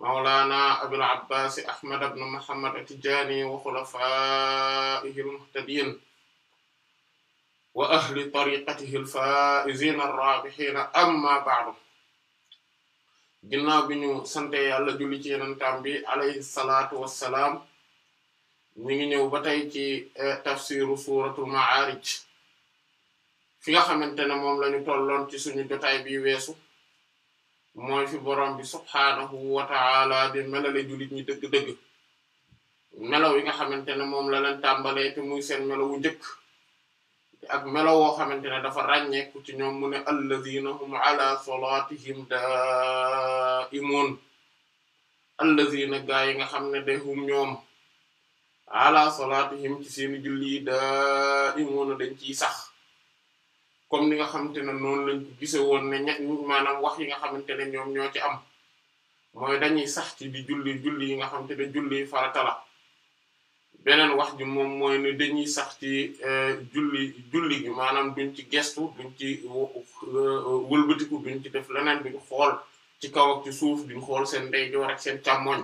mawlana abil abbasi ahmad ibn muhammad atijani wa xulafaihi almuhtadiin wa ahli tariqatihi alfaizina arrabihina amma ba'du ginnaaw bi ñu sante yàlla julli ci yenantaam bi alayhi salaatu wassalaam ñu ngi ñëw ba tey ci eh, tafsiru ma'arij fi nga xamante ne moom lañu tolloon ci suñu jotaay bi weesu mooy fi borom bi subhaanahu wa ta'ala di melale jullit ñi dëgg-dëgg melaw yi nga xamante ne moom la leen tàmbalee te muy seen melawu njëkk ak melaw woo xamante ne dafa ràññeeku ci ñoom mu ne alladhina hum ala salatihim da'imun alladhina gaa yi nga xam ne de hum ñoom ala salatihim ci dañ ciy sax comme ni nga xamante ne noonu lañ ko woon ne ña maanaam wax yi nga xamante ne ñoom ñoo ci am mooy dañuy sax ci di julli julli yi nga xamante ne julli yi farata beneen wax ji moom mooy ne dañuy sax ci euh, julli julli gi maanaam duñ ci gestu duñ ci euh, wëlbatiku duñ ci def leneen duñ xool ci kaw ci suuf duñ xool seen ndeyjoor ak seen càmmoñ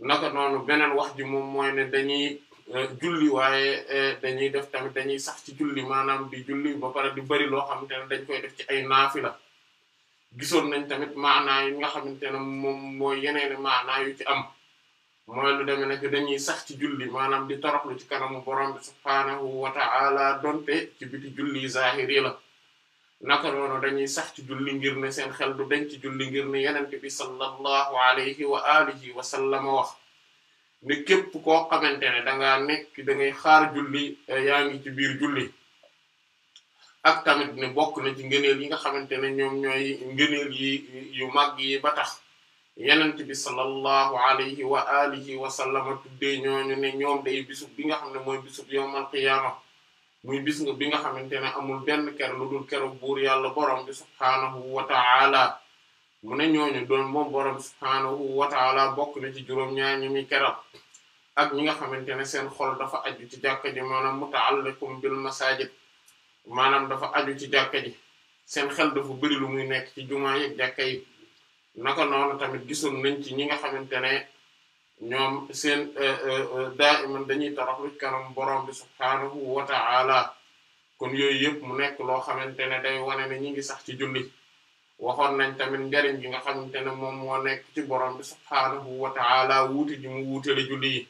naka noonu beneen wax ji moom mooy ne dañuy Euh, julli waaye euh, dañuy def tamit dañuy sax ci julli maanaam di julli ba pare di bari loo xamante ne dañ koy def ci ay naafila gisoon nañ tamit maanaa yi nga xamante ne moom mooy yeneen maanaa yu ci am mooy lu deme nag dañuy sax ci julli maanaam di toroxlu ci kanamu borom bi subhaanahu wa ala donte ci biti julli zahiri la naka noonu dañuy sax ci julli ngir ne seen xel du denc ci julli ngir ne yenente bi sallallahu alayhi wa alihi wa sallama wax ne képp koo xamante ne da ngaa nekk da ngay xaar julli eh, yaa ngi ci biir julli ak tamit ne bokk na ci ngëneel yi nga xamante ne ñoom ñooy ngëneel yi yu mag yi ba tax yenent bi sallallahu alayhi wa alihi wa sallama tuddee ñooñu ne ñoom day bisub bi nga xam ne mooy bisub yawmal qiyaama muy bis nga bi nga xamante ne amul benn ker lu dul buur yàlla borom bi subhaanahu wa ta'ala mu ne ñooñu doon moom borom subhaanahu wa ala bokk na ci juróom-ñaar ñi muy ak ñi nga xamante ne seen xol dafa aju ci jàkka ji maanaam muta'alliqum bil masajid maanaam dafa aju ci jàkka ji seen xel dafa bëri lu muy nekk ci jumaa yi jàkka yi naka noonu tamit gisoon nañ ci ñi nga xamante ne ñoom seen euh, euh, euh, daa iman dañuy taraxlu kanam borom bi subhaanahu wa ta'ala kon yooyu yëpp mu nekk loo xamante ne day wane ne ñi ngi sax ci julli waxoon nañ tamit njariñ bi nga xamante ne moom moo nekk ci borom bi subhaanahu wa ta'ala wuute ji mu julli yi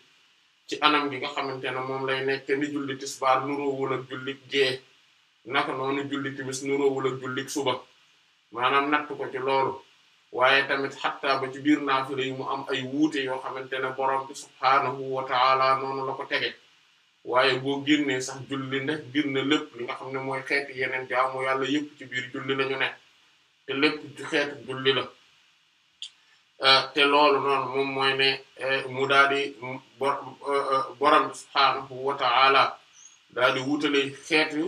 ci anam gi nga xamante ne moom lay nekk ni julli tisbaar nuroowul ak julli gee naka noonu julli timis nuroowul ak julli suba maanaam natt ko ci loolu waaye tamit xattaa ba ci biir naafila yi mu am ay wuute yoo xamante ne borom bi subhaanahu wa ta'ala noonu la ko tege waaye boo génnee sax julli ndax gir na lépp li nga xam ne mooy xeeti yeneen jaamu yàlla yëpp ci biir julli lañu nekk te lépp ci xeetu julli la euh, te loolu noonu moom mooy ne euh, mu daal di euh, borom bi subhaanahu wa ta'ala daal di wutale xeetu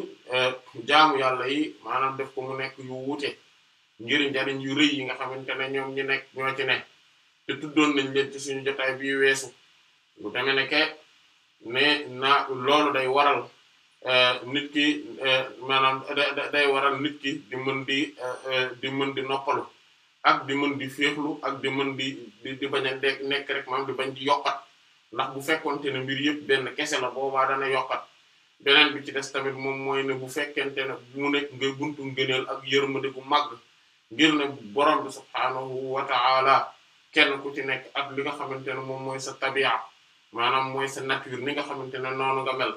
jaamu yàlla yi maanaam def ko mu nekk yu wuute ngir jariñ yu rëy yi nga xamante ne ñoom ñi nekk ñoo ci ne te tuddoon nañ leen ci suñu jotaay bi weesu lu demee ne ke ne na loolu day waral Eh, nit ki eh, maanaam day waral nit ki di mën di eh, di mën di noppalu ak di mën di féexlu ak di mën di di bañ a nekk rek maanaam di bañ di yokkat ndax bu fekkonte ne mbir yëpp benn kese la boobaa dana yokkat beneen bi ci des tamit moom mooy ne bu fekkente ne mu nekk ngay buntu ngëneel ak yërmande gu màgg ngir ne borom bi subhaanahu wa ta'ala kenn ku ci nekk ak li nga xamante ne moom mooy sa tabi'a maanaam mooy sa nature ni nga xamante ne noonu nga mel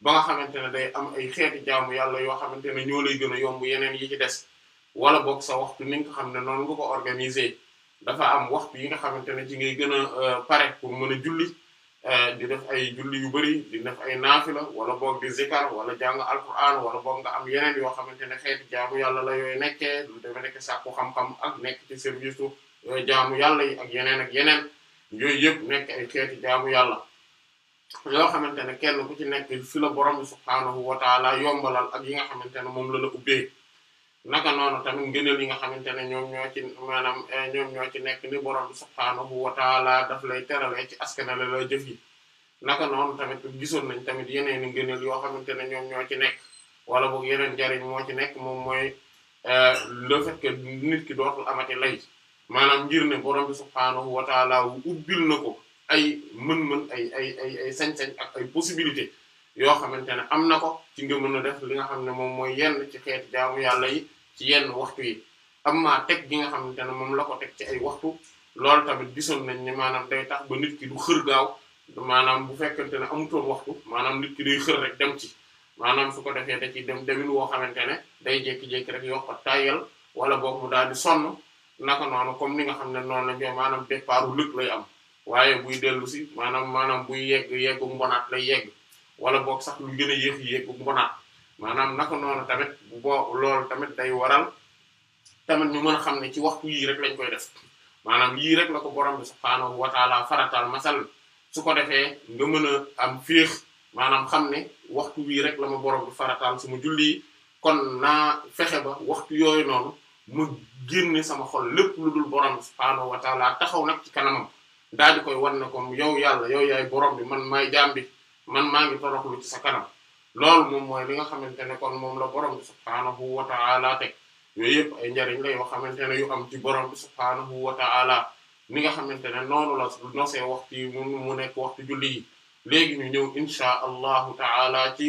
ba nga xamante ne day am ay xeeti jaamu yàlla yoo xamante ne ñoo lay gën a yomb yeneen yi ci des wala boog sa waxtu ni nga xam ne noonu nga ko organiser dafa am waxtu yi nga xamante ne ci ngay gën a euh, pare pour mën a julli euh, di def ay julli yu bari di def ay naafila wala boog di zikar wala jàng alquran wala boog nga am yeneen yoo xamante ne xeeti jaamu yàlla la yooyu nekkee lu demee nekk sàkku xam-xam ak nekk ci service euh, jaamu yàlla yi ak yeneen ak yeneen yooyu yëpp nekk ay xeeti jaamu yàlla. yoo xamante ne kenn ku ci nekk fi la borom bi subhaanahu wa taala yombalal ak yi nga xamante ne moom la la ubbee naka noonu tamit ngëneel yi nga xamante ne ñoom ñoo ci maanaam eh, ñoo ci nekk ni borom bi subhaanahu wa daf lay terale ci askanale la jëf yi naka noonu tamit gisoon nañ tamit yeneen i ngëneel yoo xamante ne ñoom ñoo ci nekk wala boog yeneen njariñ moo ci nekk moom mooy eh, le nit ki dootul amati lay maanaam ngir ne borom bi subhaanahu wa ubbil na ay mën-mën ay ay ay ay sañ-sañ ak ay possibilité yoo xamante ne am na ko ci nga mën a def li nga xam ne moom mooy yenn ci xeet jaamu yàlla yi ci yenn waxtu yi amma teg gi nga xamante ne moom la ko teg ci ay waxtu loolu tamit gisoon nañ ne maanaam day tax ba nit ki du xër maanaam bu fekkente ne amutoon waxtu maanaam nit ki day xër dem ci maanaam su ko defee da ciy dem demin woo xamante ne day jékki rek yokk tayal wala boog daal di sonn naka noonu comme ni nga xam ne noonu la ñu maanaam départu lëkk lay am waaye buy dellu si maanaam maanaam buy yegg yeggu mbonaat la yegg wala boog sax lu gën a yéex yeggu mbonaat maanaam naka noonu tamit bu boo lool tamit day waral tamit ñu mën xam ne ci waxtu yii rek lañ koy def maanaam yii rek la ko borom bi subhaanahu wa ta'ala su ko defee nga mën a am féex maanaam xam ne waxtu wii rek la ma borom bi faratal su ma kon naa fexe yooyu noonu mu génne sama xol lépp lu dul borom bi taxaw nag ci kanamam daal di koy wan ne comme yow yàlla yow yaay borom bi man maay jaam bi man maa ngi toroxlu ci sa kanam moom mooy li nga xamante ne kon moom la borom bi subhaanahu wa ta'ala ay njariñ la yoo xamante ne yu am ci borom bi subhaanahu wa ni nga xamante ne noonu la nosee waxtu mu nekk waxtu julli yi léegi ñu ñëw insha allahu ta'ala ci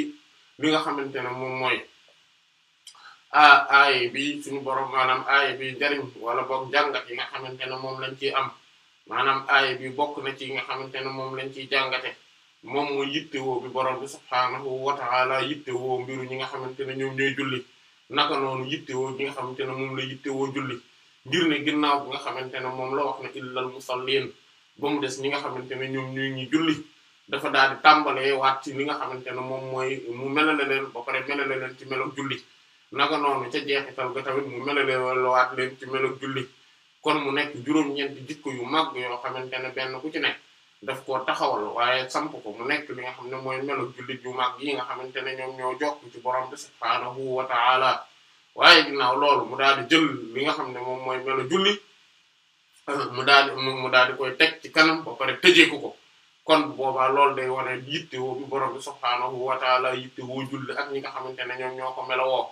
li nga xamante ne moom mooy a aaye bi suñu borom maanaam aaye bi njariñ wala boog jàngat yi nga xamante ne moom lañ ciy am maanaam aaya bi bokk na ci nga xamante ne moom lañ ciy jàngate moom mooy yittewoo bi borom bi subhaanahu wa ta'ala ñi nga xamante ne ñoom ñooy julli naka noonu yittewoo bi nga xamante ne moom la yittewoo julli ngir ne ginnaaw bi nga xamante ne moom la wax ne illal musallin ba mu des nga xamante ne ñoom ñuy ñu julli dafa daal di tàmbalee waat ci li nga xamante ne moom mooy mu melale leen ba pare melale leen ci melog julli naka noonu ca jeexital ga tamit mu melale waat leen ci melog julli kon mu nekk juróom-ñeenti jikko yu mag yoo xamante ne benn ku ci nekk daf koo taxawal waaye samp ko mu nekk li nga xam ne mooy melo jullit yu mag yi nga xamante ne ñoom ñoo jokk ci borom bi subhaanahu wa ta'ala waaye ginnaaw loolu mu daal di jël nga xam ne moom mooy melo julli mu daal di mu daal di koy teg ci kanam ba pare tëjeeku ko kon boobaa loolu day wane yittewoo bi borom bi subhaanahu wa ta'ala julli ak ñi nga xamante ne ñoom ñoo ko melowoo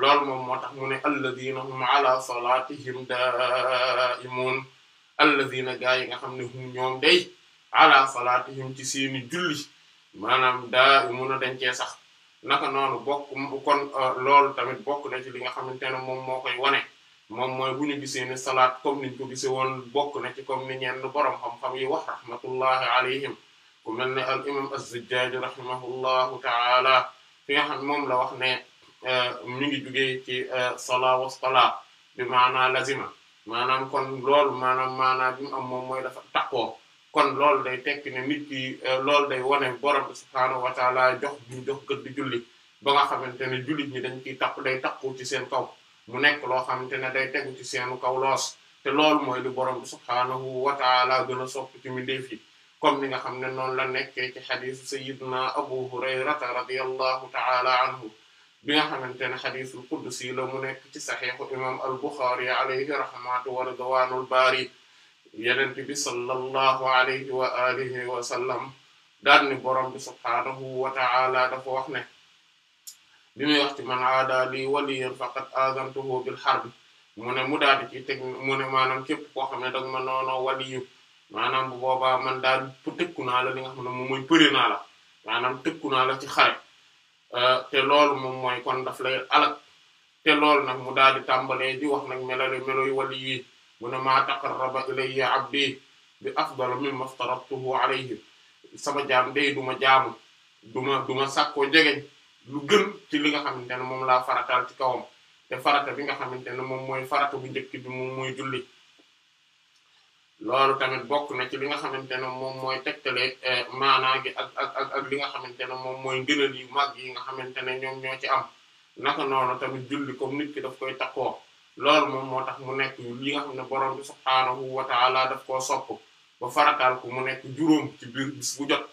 lool moom moo tax mu ne alladina hum ala salatihim daimun alladina gaa yi nga xam ne hum ñoom day ala salatihim ci seeni julli maanaam daimuna dañ cee sax naka noonu bokk kon euh, lool tamit bokk na ci li nga xamante ne moom moo koy wane moom mooy bu ñu gisee ni salaat comme niñ ko gise woon bokk na ci comme ni ñenn boroom xam-xam yi wax rahmatullahi alayhim ku mel ne al imam az-Zujjaj rahimahullahu taala fi nga xam moom la wax ne Euh, mi ngi jugee ci euh, sola wastola bi maanaa lazima maanaam kon lool maanaam maanaam bi am moom mooy dafa takkoo kon lool day tekki ne nit ki euh, lool day wone borom bi subhaanahu wa taala jox buñ jox gëdd julli ba nga xamante ne jullit ñi dañ ciy takku day takku ci seen kaw mu nekk loo xamante ne day tegu ci seenu kaw loos te loolu mooy li borom bi subhaanahu wa taala gën a sopp ci mindeef yi comme ni nga xam ne noonu la nekkee ci xadiisu sayyidina abu hurayrata radiyallahu taala anhu bi nga xaman ne xadiisul qudsi la mu nekk ci saxiixu imam al buxaari alayhi rahmatu wa ridwaanul baari yenent bi sallallahu alayhi wa alihi wa sallam daan ni borom bi subhaanahu wa ta'ala dafa wax ne bi muy wax ci man aada li waliyan faqad azantuhu bil harb mu ne mu daadi ci teg képp koo ne dag ma noonoo waliyu maanaam bu boobaa man daal tëkku naa la li nga xam ne moom mooy përi naa la maanaam naa la ci xare Ah, te loolu moom mooy kon daf lay alak te loolu nag mu daal di tàmbalee di wax nag melale melo yu wali yi mu ne maa taqarraba ilayya abdi bi afdal mimma aftaratuhu alayhi sama jaam day du ma jaamu duma du ma sàkkoo jegeñ lu gën ci li nga xamante ne moom laa farataal ci kawam te farata bi nga xamante ne moom mooy farata bu njëkk bi moom mooy julli loolu tamit bokk na ci li nga xamante ne moom mooy tegtale eh, maanaa gi ak ak ak ak li nga xamante ne moom mooy ngëneel yu mag yi nga xamante ne ñoom ñoo ci am naka noonu tamit julli comme nit ki daf koy takkoo lool moom moo tax mu nekk li nga xam ne borom bi subhaanahu wa ta'ala daf koo sopp ba farataal ko mu nekk juróom ci biir bis bu jot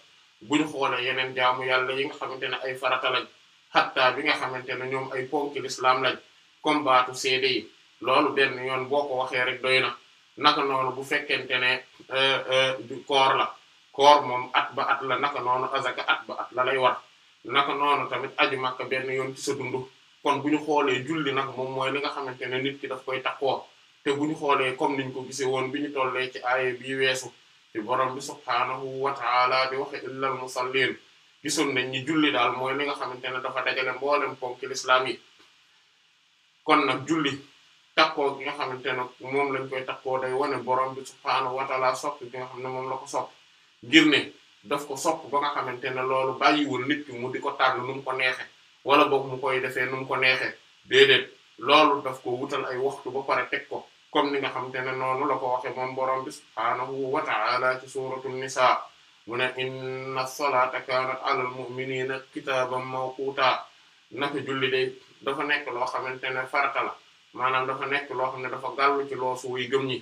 bu ñu xoolee yeneen jaamu yàlla yi nga xamante ne ay farata lañ xattaa bi nga xamante ne ñoom ay ponki lislaam lañ combattu seede yi loolu benn yoon boo ko waxee rek doy na. naka noonu bu fekkente ne euh, euh, koor la koor moom at ba at la naka noonu azaka at at la lay war naka noonu tamit aju Makka benn yoon ci sa dundu kon bu ñu xoolee julli na moom mooy li nga xamante ne nit ki daf koy takkoo te bu ñu xoolee comme niñ ko gisee woon bi ñu tollee ci aaye bii weesu ci borom bi subhaanahu wa ta'ala di waxe illal musallin gisoon nañ ñi julli daal mooy li nga xamante ne dafa dajale mboolem ponk l'islam yi kon nag julli takkoo gi nga xamante ne moom lañ koy takkoo day wane borom bi subhaanahu wa ta'ala sopp bi nga xam ne moom la ko sopp ngir ne daf ko sopp ba nga xamante ne loolu bàyyiwul nit ki mu di ko tànn nu mu ko neexe wala boog mu koy defee num ko neexe déedéet loolu daf ko wutal ay waxtu ba pare teg ko comme ni nga xamante ne noonu la ko waxe moom borom bi subhaanahu wa ta'ala ci suratul nisaa mu ne inna salata kanat alal mu'minina moo mawquta naka julli day dafa nekk loo xamante ne farata la maanaam dafa nekk loo xam ne dafa gàllu ci loosu way gëm ñi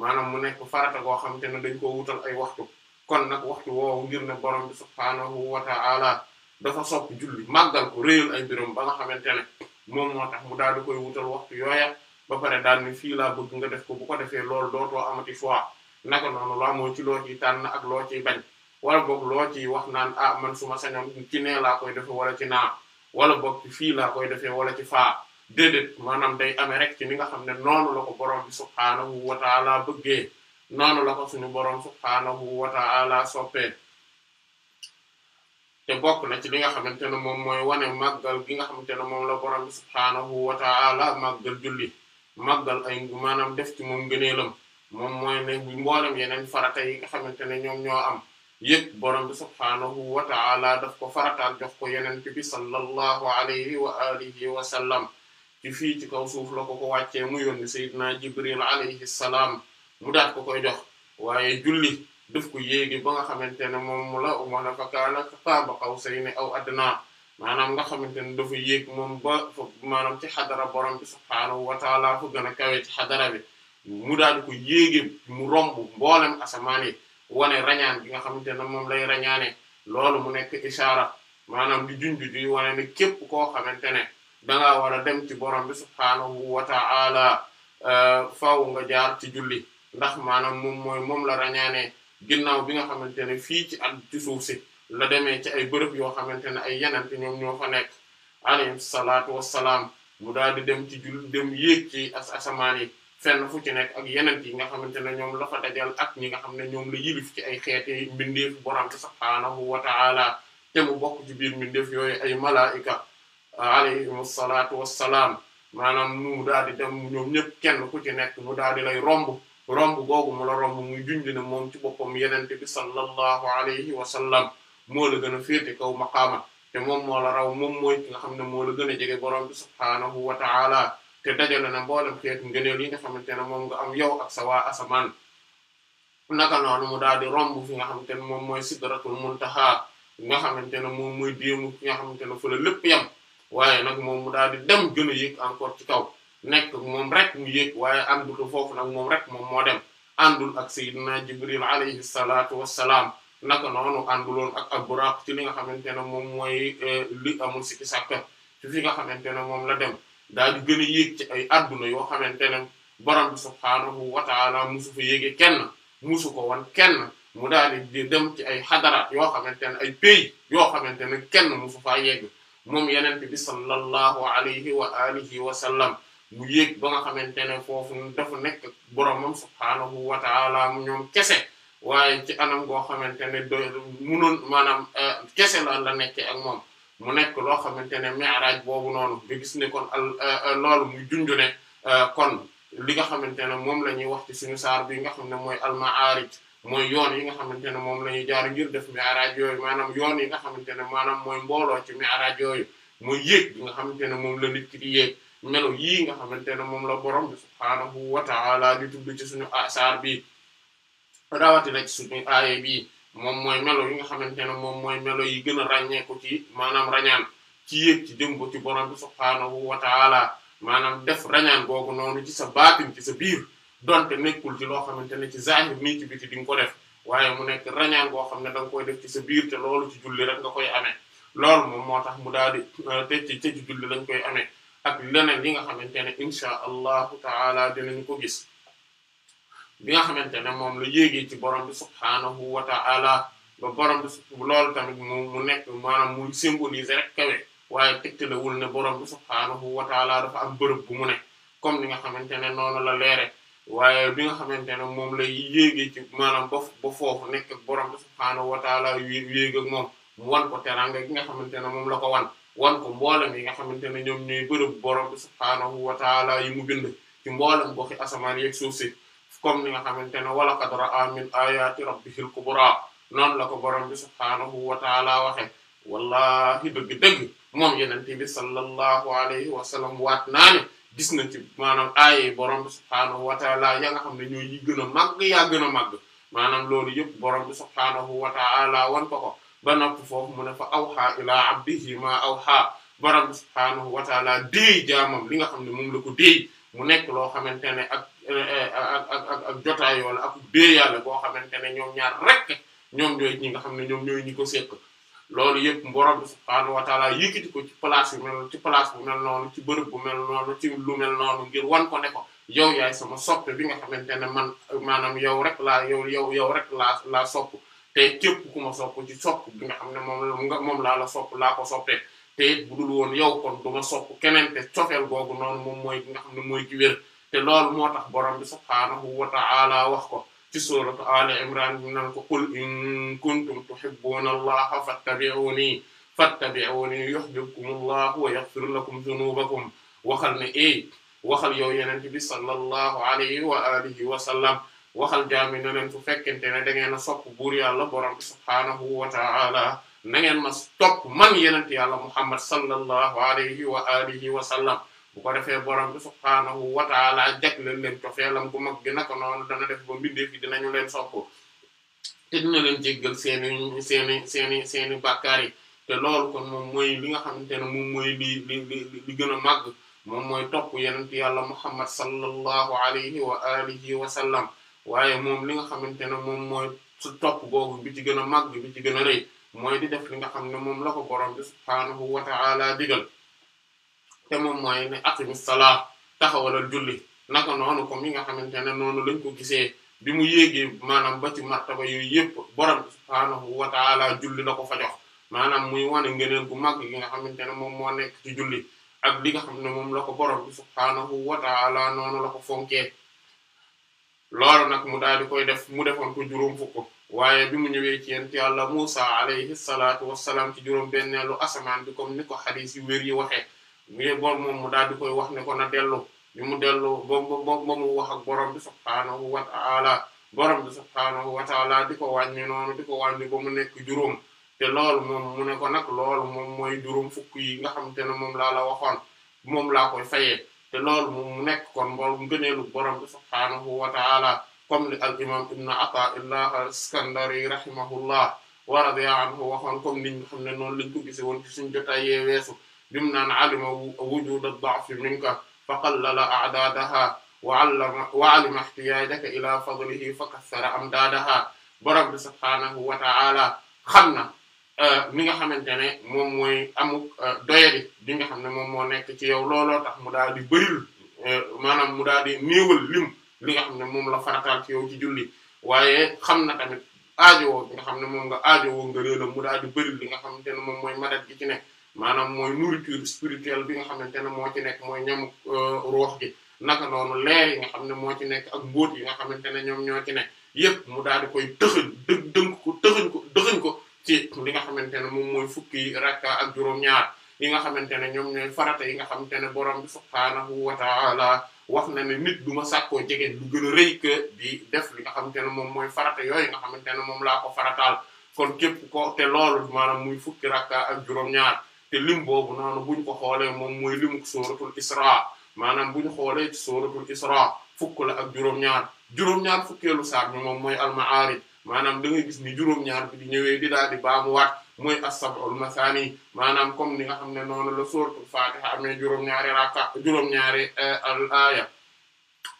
maanaam mu nekk farata goo xamante ne dañ koo wutal ay waxtu kon nag waxtu woowu ngir ne borom bi subhaanahu wa ta'ala dafa sopp julli màggal ko ay mbiram ba nga xamante ne moom moo tax mu daal di koy wutal waxtu yooya ba pare daal ni fii laa bëgg nga def ko bu ko defee loolu dootoo amati fois naka noonu laa moo ci loo ciy tànn ak loo ciy bañ wala boog loo ciy wax naan ah man su ma ci nee laa koy defee wala ci naa wala boog ci fii laa koy defee wala ci faa déedéet maanaam day amee rek ci ni nga xam ne noonu la ko borom bi subhaanahu wa ta'ala bëggee noonu la suñu borom subhaanahu wa ta'ala soppee te bokk na ci li nga xamante ne moom mooy wane màggal ki nga xamante ne moom la borom bi subhaanahu wa ta'ala màggal julli màggal ay maanaam def ci moom gëneelam moom mooy ne mboolem yeneen farata yi nga xamante ne ñoom ñoo am yëpp borom bi subhaanahu wa ta'ala daf ko farataal jox ko yeneen bi sallallahu alayhi wa alihi wa ci fii ci kaw suuf la ko ko wàccee mu yónni Seydina Jibril alayhi salaam mu daat ko koy jox waaye julli def ko yéegi ba nga xamante ne moom mu la moo ne fa kaana qaaba qawsayni aw adnaa maanaam nga xamante ne dafa yéeg moom ba maanaam ci xadara borom bi subhaanahu wa taala fu gën a ci xadara bi mu daal ko yéegi mu romb mboolem asamaan yi wane rañaan gi nga xamante ne moom lay rañaane loolu mu nekk ishaara maanaam di junj di wane ne képp ko xamante ne dangaa war a dem ci borom bi subhaanahu wa ta'ala euh, faaw nga jaar ci julli ndax maanaam moom mooy moom la rañaane ginnaaw bi nga xamante ne fii ci ak ci suuf si la demee ci ay bërëb yoo xamante ne ay yenente ñoom ñoo fa nekk alayhi salaatu wassalaam mu daal di dem ci julli dem yéeg ci as asamaan yi fenn fu ci nekk ak yeneen yi nga xamante ne ñoom la fa dajal ak ñi nga xam ne ñoom la yilif ci ay xeeti mbindeef borom bi subhaanahu wa ta'ala te mu bokk ci biir mbindeef yooyu ay malaika alayhim asalaatu wassalaam maanaam mu daal di dem ñoom ñëpp kenn ku ci nekk mu daal di lay romb romb googu mu romb muy junj ne moom ci boppam yenente bi sallallahu alayhi wa sallam moo la gën a féete kaw ma maqaama te moom moo la raw moom mooy ki nga xam ne moo gën a jege borom bi subhaanahu wa ta'ala te dajale na mboolam xeetu ngëneel yi nga xamante ne moom nga am yow ak sa waa asamaan naka noonu mu daal di romb fi nga xamante ne moom mooy sidratul muntaha nga xamante nga xamante ne la lépp yam waaye nag moom mu daal di dem gën a yéeg encore ci kaw nekk moom rek mu yéeg waaye àndul foofu nag moom rek moom moo dem àndul ak sayyidina Jibril alayhi salaatu wassalaam naka noonu ànduloon ak ak Buraq ci li nga xamante ne moom mooy eh, li amul sikki sàkka ci fi nga xamante ne moom la dem daal di gën a yéeg ci ay adduna yoo xamante ne borom bi subhaanahu wa ta'ala musu fa yéege kenn musu ko wan kenn mu daal di dem ci ay xadaraat yoo xamante ne ay pays yoo xamante ne kenn musu faa yegg moom yenente bi sallallahu alayhi wa alihi wa sallam mu yéeg ba nga xamante ne foofu dafa nekk boromam subhaanahu wa ta'ala mu ñoom kese waaye ci anam goo xamante ne do munoon maanaam euh, kese la la nekkee ak moom mu nekk loo xamante ne mi'raj boobu noonu nga gis ne kon al euh, euh, loolu muy junj ne kon li nga xamante ne moom la ñuy wax ci suñu saar bi nga xam ne mooy al ma'arij mooy yoon yi nga xamante ne moom la ñuy jaar ngir def mi'raj yooyu maanaam yoon yi nga xamante ne maanaam mooy mbooloo ci mi'raj yooyu mooy yéeg bi nga xamante ne moom la nit ki di yéeg melo yii nga xamante ne moom la borom bi subhaanahu wa ta'ala di tudd ci suñu saar bi rawatina ci suñu aaye bi moom mooy melo yi nga xamante ne moom mooy melo yi gën a ràññeeku ci maanaam rañaan ci yéeg ci jëm ko ci borom maanaam def rañaan googu noonu ci sa baatin ci sa biir donte nekkul ci loo xamante ne ci zahir nii ci biti di nga ko def waaye mu nekk rañaan goo xam ne da nga koy def ci sa biir te loolu ci julli rek nga koy amee loolu moom moo tax mu daal di euh, te ci te ci julli koy amee ak leneen li nga xamante ne insha allahu taala dinañu ko gis bi nga xamante ne moom la yéegee ci borom bi subhaanahu wa taala ba borom bi loolu tamit mu mu nekk maanaam muy symboliser rek kawe waaye ne borom bi subhaanahu wa taala dafa am bërëb bu mu ne comme ni nga xamante ne noonu la leere waaye bi nga xamante ne moom lay yéegee ci maanaam ba ba foofu nekk ak borom bi subhaanahu wa moom mu wan ko teranga gi nga xamante ne moom la ko wan wan ko mboolem yi nga xamante ne ñoom ñuy bërëb borom bi subhaanahu wa yi mu bind ci mboolem goxi asamaan yeeg suuf si comme ni nga xamante ne wala qad a min ayati rabbihil kubra noonu la ko borom bi subhaanahu wa taala waxe wallahi dëgg-dëgg moom yenente bi sallallahu alayhi wa waat naa gis nañ ci maanaam aaye borom bi subhaanahu wa taala ya nga xam ne ñooy yi gën a màgg yaa màgg maanaam loolu yëpp borom bi subhaanahu wa taala wan ko ko ba nopp foofu mu ne fa awha ila abdihi ma aw borom bi subhaanahu wa taala déey jaamam li nga xam ne moom la ko déey mu nekk loo xamante ne ak ak ak ak jotaay wala ak boo xamante ne ñoom ñaar rek ñoom ñooy ñi nga xam ne ñoom ñooy ñi ko sekk loolu yëpp borom bi subhaanahu wa taala yëkkati ko ci place bu mel noonu ci bërëb bu mel noonu ci lu mel noonu ngir wan ko ne ko yow yaay sama soppe bi nga xamante ne man maanaam yow rek laa yow yow yow rek laa laa sopp te képp ku sopp ci sopp bi nga xam ne moom la moom laa la sopp laa ko soppee te it bu dul woon yow kon du sopp keneen te cofeel googu noonu moom mooy bi nga xam ne mooy ci wér te loolu moo tax borom bi subhaanahu wa taala wax ko ci suratu ali imran ñu naan ko qul in kuntum tuhibbuna allaha fattabi'uni fattabi'uni yuhibbukum allah wa yaghfir lakum dhunubakum waxal ne ey waxal yow yenente bi sallallahu alayhi wa alihi wa sallam waxal jaami ne leen fekk fekkente ne da ngeen a sopp buur yàlla borom bi subhaanahu wa ta'ala na ngeen ma topp man yenente yàlla muhammad sallallahu alayhi wa alihi wa bu ko defee borom bi subhaanahu wa ta'ala jagleel leen cofeelam bu mag bi naka noonu dana def ba mbindeef yi dinañu leen sopp te dina leen jéggal seeni seeni seeni seeni bàkkaar yi te loolu kon moom mooy li nga xamante ne moom mooy li li li gën a màgg moom mooy topp yenent yàlla muhammad sallallahu alayhi wa alihi wa sallam waaye moom li nga xamante ne moom mooy su topp googu bi ci gën a màgg bi ci gën a rëy mooy di def li nga xam ne moom la ko borom bi subhaanahu wa ta'ala digal te moom mooy ne aqimi salaa taxawalal julli naka noonu comme yi nga xamante ne noonu lañ ko gisee bi mu yéegee maanaam ba ci martaba yooyu yëpp borom subhaanahu wa taala julli la ko fa maanaam muy wane ngëneel gu mag yi nga xamante ne moom moo nekk ci julli ak li xam ne moom la ko borom bi subhaanahu noonu la ko fonkee loolu nag mu daal koy def mu defoon ko juróom fukk waaye bi mu ñëwee ci yent yàlla Musa alayhi salaatu wassalaam ci juróom benneelu asamaan bi comme ni ko xadiis yu yi waxee mu bool moom mu daal di koy wax ne ko na dellu bi mu dellu ba ba mu wax ak borom bi subhaanahu wa ta'ala borom bi subhaanahu wa di ko wàññi noonu di ko wàññi ba mu nekk juróom te lool moom mu ne ko nag loolu moom mooy juróom fukk yi nga xam te ne moom laa la waxoon moom laa koy fayee te loolu moom mu nekk kon mbool ngëneelu borom bi subhaanahu wa ta'ala comme li al imam ibn Ata'illah al-Iskandari rahimahullah wa radiya anhu waxoon comme niñ nga xam ne noonu lañ ko gise woon ci suñu jotaay yee lim naan alima wujud ad-da'f minka fa qallala a'dadaha wa 'allama wa 'alima ihtiyajaka ila fadlihi fa kassara amdadaha borom bi subhaanahu wa ta'ala xam na euh, mi nga xamante ne moom mooy amuk euh, doyadi bi nga xam ne moom moo nekk ci yow looloo tax mu daal di bëril euh, maanaam mu daal di néewal lim nga xam ne moom la farataal ci yow ci julli waaye xam na tamit aajowoo bi nga xam ne moom nga aajowoo nga réelam mu daal di li nga xamante ne moom mooy madat gi ci nekk maanaam mooy nourriture spirituelle bi nga xamante ne moo ci mooy ñam euh, roox gi naka noonu leer yi xam ne moo ci nekk ak mbóot yi nga xamante ne ñoom ñoo ci nekk yépp mu daal di koy dënk ko tëxañ ko ko ci li nga xamante ne moom mooy fukki rakka ak juróom yi nga xamante ne ñoom ñooy yi nga xamante ne borom bi subhaanahu wa ta'ala wax na ne nit du ma sàkkoo jege lu gën a rëy moom mooy farata yooyu nga xamante ne moom laa ko farataal kon képp ko te loolu maanaam muy fukki rakka ak juróom-ñaar te lim boobu noonu bu ñu ko xoolee moom mooy limu sóoratul isra maanaam bu ñu xoolee ci sóoratul isra fukk la ak juróom-ñaar juróom-ñaar fukkeelu saar bi moom mooy al-ma'aarij maanaam da ngay gis ni juróom-ñaar bi di ñëwee di daal di baamuwaat mooy as-sab'ul masaani maanaam comme ni nga xam ne noonu la sóoratul faatiha amee juróom-ñaari rakka juróom-ñaari eh, aaya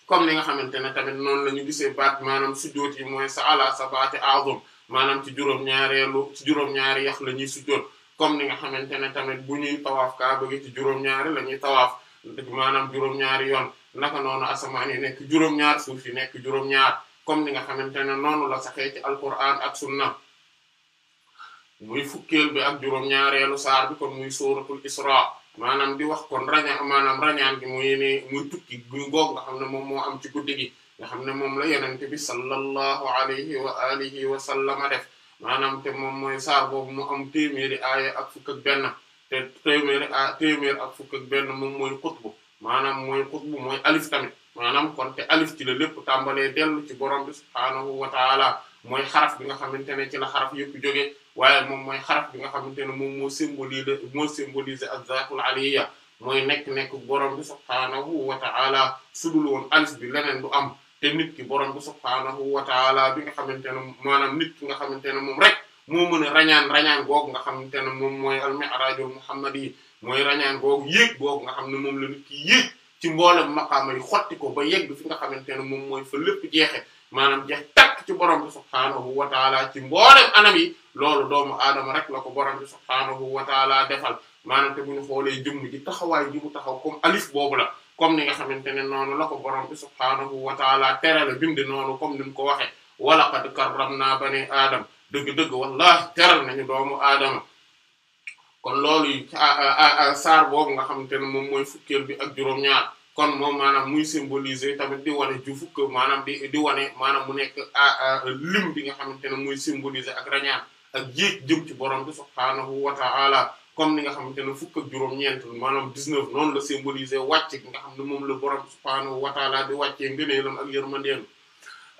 comme ni nga xamante ne tamit noonu la ñu gisee baat maanaam sujjóot yi mooy sa ala sabaati azum maanaam juróom-ñaareelu ci juróom-ñaari yax la ñuy sujjóot comme ni nga xamante ne tamit bu ñuy tawaaf kaaba gi ci juróom-ñaari lañuy ñuy tawaaf maanaam juróom-ñaari yoon naka noonu asamaan yi nekk juróom-ñaar suuf yi nekk juróom-ñaar comme ni nga xamante ne noonu la saxee ci alquran ak sunna muy fukkeel bi ak juróom-ñaareelu saar bi kon muy suratul isra maanaam di wax kon raña maanaam rañaan gi muy ne muy tukki muy goog nga xam ne moom moo am ci guddi gi nga xam ne moom la yonent bi sallallahu alayhi wa alihi wa sallama def maanaam te moom mooy saar boobu mu am téeméeri ak fukk ak benn te téeméeri ak fukk ak benn moom mooy xutbu maanaam mooy xutbu mooy alif tamit maanaam kon te alif ci la lépp tàmbalee dellu ci borom bi subhaanahu wa taala mooy xaraf bi nga xamante ne ci la xaraf yëpp joge waaye moom mooy xaraf bi nga xamante ne moom moo symboliser moo symboliser az-zaatul aliyya mooy nekk nekk borom bi subhaanahu wa taala sudul woon alif bi leneen du am te nit ki borom bi subhaanahu wa taala bi nga xamante ne maanaam nit ki nga xamante ne moom rek moo mën a rañaan rañaan googu nga xamante ne moom mooy al-mi'raajul muhammadi yi mooy rañaan googu yéeg googu nga xam ne moom la nit ki yéeg ci mboolem maqaama yi xotti ko ba yegg nga xamante ne moom mooy fa lépp jeexe maanaam jeex ci borom bi subhaanahu wa taala ci mboolem anam yi loolu doomu aadama rek la ko borom bi subhaanahu wa defal maanaam te bu ñu xoolee jëmm ji taxawaay ji mu taxaw comme alif boobu la comme ni nga xamante ne noonu la ko borom bi subhaanahu wa taala terale bind noonu comme ni mu ko waxe wa laqad karramnaa banii aadama dëgg-dëgg wallahi teral nañu doomu aadama kon loolu saar boobu nga xamante ne moom mooy fukkeel bi ak juróom-ñaar kon moom maanaam muy symboliser tamit di wane ju fukk maanaam di di wane maanaam mu nekk lim bi nga xamante ne muy symboliser ak rañaan ak jéeg jëm borom bi subhaanahu wa ta'ala comme ni nga xamante ne fukk ak juróom-ñeent maanaam 19 noonu la symboliser wàcc nga xam ne moom la borom subhaanahu wa taala di wàccee ngëneelam ak yërmandeem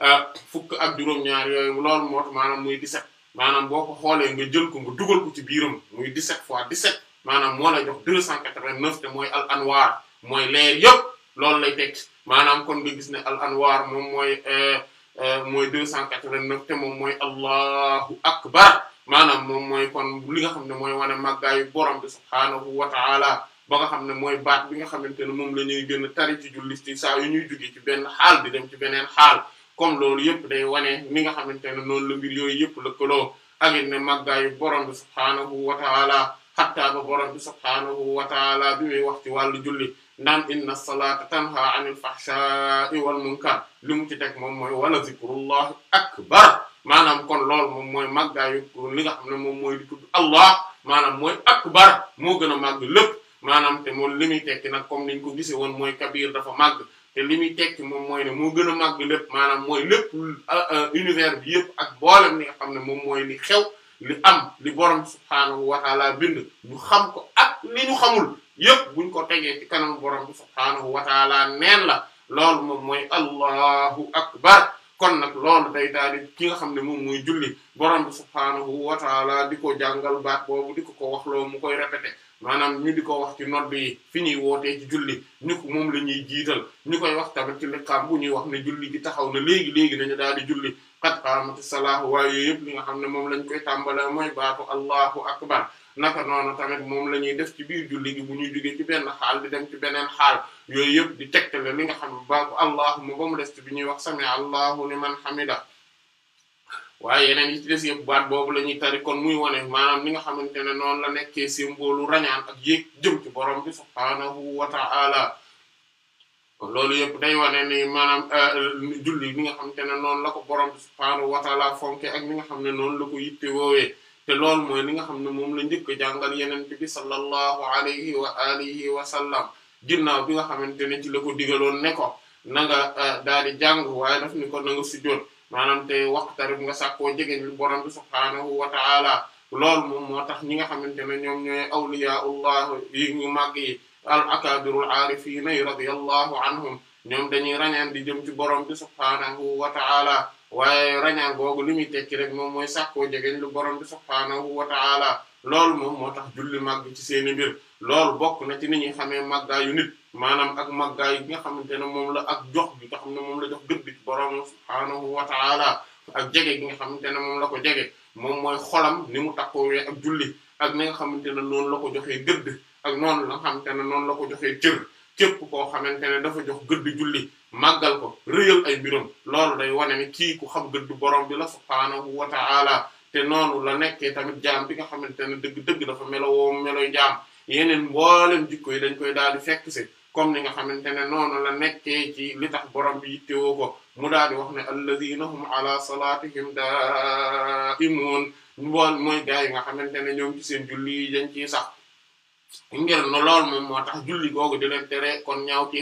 ah, fukk ak juróom-ñaar yooyu loolu moo tax maanaam muy 17 maanaam boo ko xoolee nga jël ko nga dugal ko ci biiram muy 17 fois 17 maanaam moo la jox 289 te mooy al anwaar mooy leer yëpp loolu lay teg maanaam kon nga gis ne al anwaar moom mooy eh, eh, mooy 289 te moom mooy allahu akbar maanaam moom mooy kon li nga xam ne mooy wane màggaayu borom bi subhaanahu wa ta'ala ba nga xam ne mooy baat bi nga xamante ne moom la ñuy gën a tari ci julli ci yu ñuy jóge ci benn xaal di dem ci beneen xaal comme loolu yëpp day wane ni nga xamante ne noonu la mbir yooyu yëpp lëkkaloo ak it ne màggaayu borom bi subhaanahu wa ta'ala xattaa ga borom bi subhaanahu wa ta'ala bi muy wax ci wàllu julli naan inna salata tanha anil fahsha'i wal munkar li mu ci teg moom mooy wala zikrullahi akbar maanaam kon loolu moom mooy màggaayu li nga xam ne moom mooy li tudd allah maanaam mooy akbar moo gën a màgg lépp maanaam te li muy tekki nag comme niñ ko gisee woon mooy kabir dafa màgg te li muy tekki moom mooy ne moo gën a màgg lépp maanaam mooy lépp euh, euh, univers bi yëpp ak boole li nga xam ne moom mooy li xew li am li borom subhaanahu wa taala bind ñu xam ko ak li yëpp buñ ko tegee ci kanam borom bi subhaanahu wa taala la loolu moom mooy allahu akbar kon nag loolu day daal di ki nga xam ne moom mooy julli borom bi subhaanahu wa taala di ko jàngal baat boobu di ko ko wax loo mu koy répété maanaam ñu di ko wax ci nodd bi fi ñuy wootee ci julli ñu moom la ñuy jiital ñu koy wax tamit ci liqaam bu ñuy wax ne julli gi taxaw na léegi léegi nañu daal di julli qad qaamati salaahu waaye yëpp li nga xam ne moom lañ koy tàmbale mooy baatu allahu akbar naka noonu tamit moom la ñuy def ci biir julli bu ñuy jógee ci benn xaal di dem ci beneen xaal yooyu yëpp di tegtale li nga xam ne baabu allahuma ba mu bi ñuy wax sami allahu liman hamida ni yeneen yi ci des yëpp baat boobu la ñuy tari kon muy wane maanaam li nga xamante ne noonu la nekkee simboolu rañaan ak yéeg jëm ci borom bi subhaanahu wa ta'ala loolu yëpp day wane ni maanaam euh, julli bi nga xamante ne noonu la ko borom bi subhaanahu wa ta'ala fonke ak li nga xam ne noonu la ko yitte woowee te lool mooy li nga xam ne moom la njëkk jàngal yeneen bi sallallahu alayhi wa alihi wa sallam ginnaaw bi nga xamante ne ci la ko digaloon ne ko nanga nga euh, daal di jàng waaye daf ni ko na nga sujjóot maanaam te waqtarib nga sàkkoo jege ñu borom bi subhaanahu wa ta'ala loolu moom moo tax ñi nga xamante ne ñoom ñooy awliyaullah yi ñu màgg yi al akabirul aarifiina yi radiyallahu anhum ñoom dañuy rañaan di jëm ci borom bi subhaanahu wa ta'ala waaye rañaan googu li muy tekki rek moom mooy sàkkoo jegeñ lu borom bi subhaanahu wa ta'ala loolu moom moo tax julli màgg ci seeni mbir loolu bokk na ci ni ñuy xamee màggaayu nit maanaam ak màggaayu bi nga xamante ne moom la ak jox bi nga xam ne moom la jox gëdd bi borom subhaanahu wa ak jege gi nga xamante ne moom la ko jege moom mooy xolam ni mu takkoowee ak julli ak ni nga xamante ne noonu la ko joxee gëdd ak noonu la nga xamante ne noonu la ko joxee cër képp koo xamante ne dafa jox gëdd julli màggal ko rëyal ay mbiram loolu day wane ni kii xam gëdd borom bi la subhaanahu wa ta'ala te noonu la nekkee tamit jaam bi nga xamante ne dëgg dëgg dafa melo woo meloy jaam yeneen mboolem jikko yi dañ koy daal di fekk si comme ni nga xamante ne noonu la nekkee ci li tax borom bi yittewoo ko mu daal di wax ne alladhina hum ala salatihim da'imun mbool mooy gaa yi nga xamante ne ñoom ci seen julli yi dañ ciy sax ngir no lool moom moo tax julli googu di leen tere kon ñaaw ci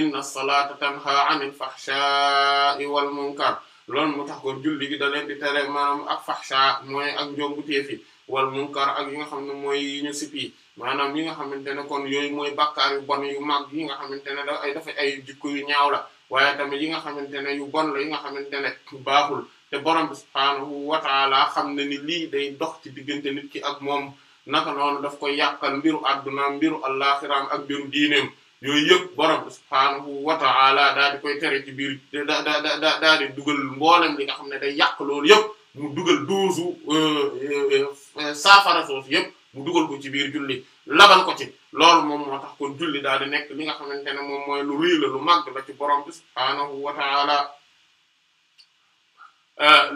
inna salaata tanha anil fahshaa'i wal munkar loolu moo tax kon julli gi da leen di tere maanaam ak fahsha mooy ak njombu teefi wal munkar ak yi nga xam ne mooy yi ñu sipi maanaam yi nga xamante ne kon yooyu mooy bakkaar yu bon yu mag yi nga xamante ne da ay dafa ay jikko yu ñaaw la waaye tamit yi nga xamante ne yu bon la yi nga xamante ne baaxul te borom bi subhaanahu wa ta'ala xam ne ni lii day dox ci diggante nit ki ak moom naka noonu daf koy yàqal mbiru àdduna mbiru àllaxiraam ak mbiru diineem yooyu yëpp borom bi subhaanahu wa ta'ala daal di koy tere ci biir da da da daal di dugal mboolem li nga xam ne day yàq loolu yëpp mu dugal doosu euh, euh, euh, saafara soosu yëpp mu dugal ko ci biir julli labal ko ci loolu moom moo tax kon julli daal di nekk li nga xamante ne moom mooy lu rëy la lu màgg la ci borom bi subhaanahu wa ta'ala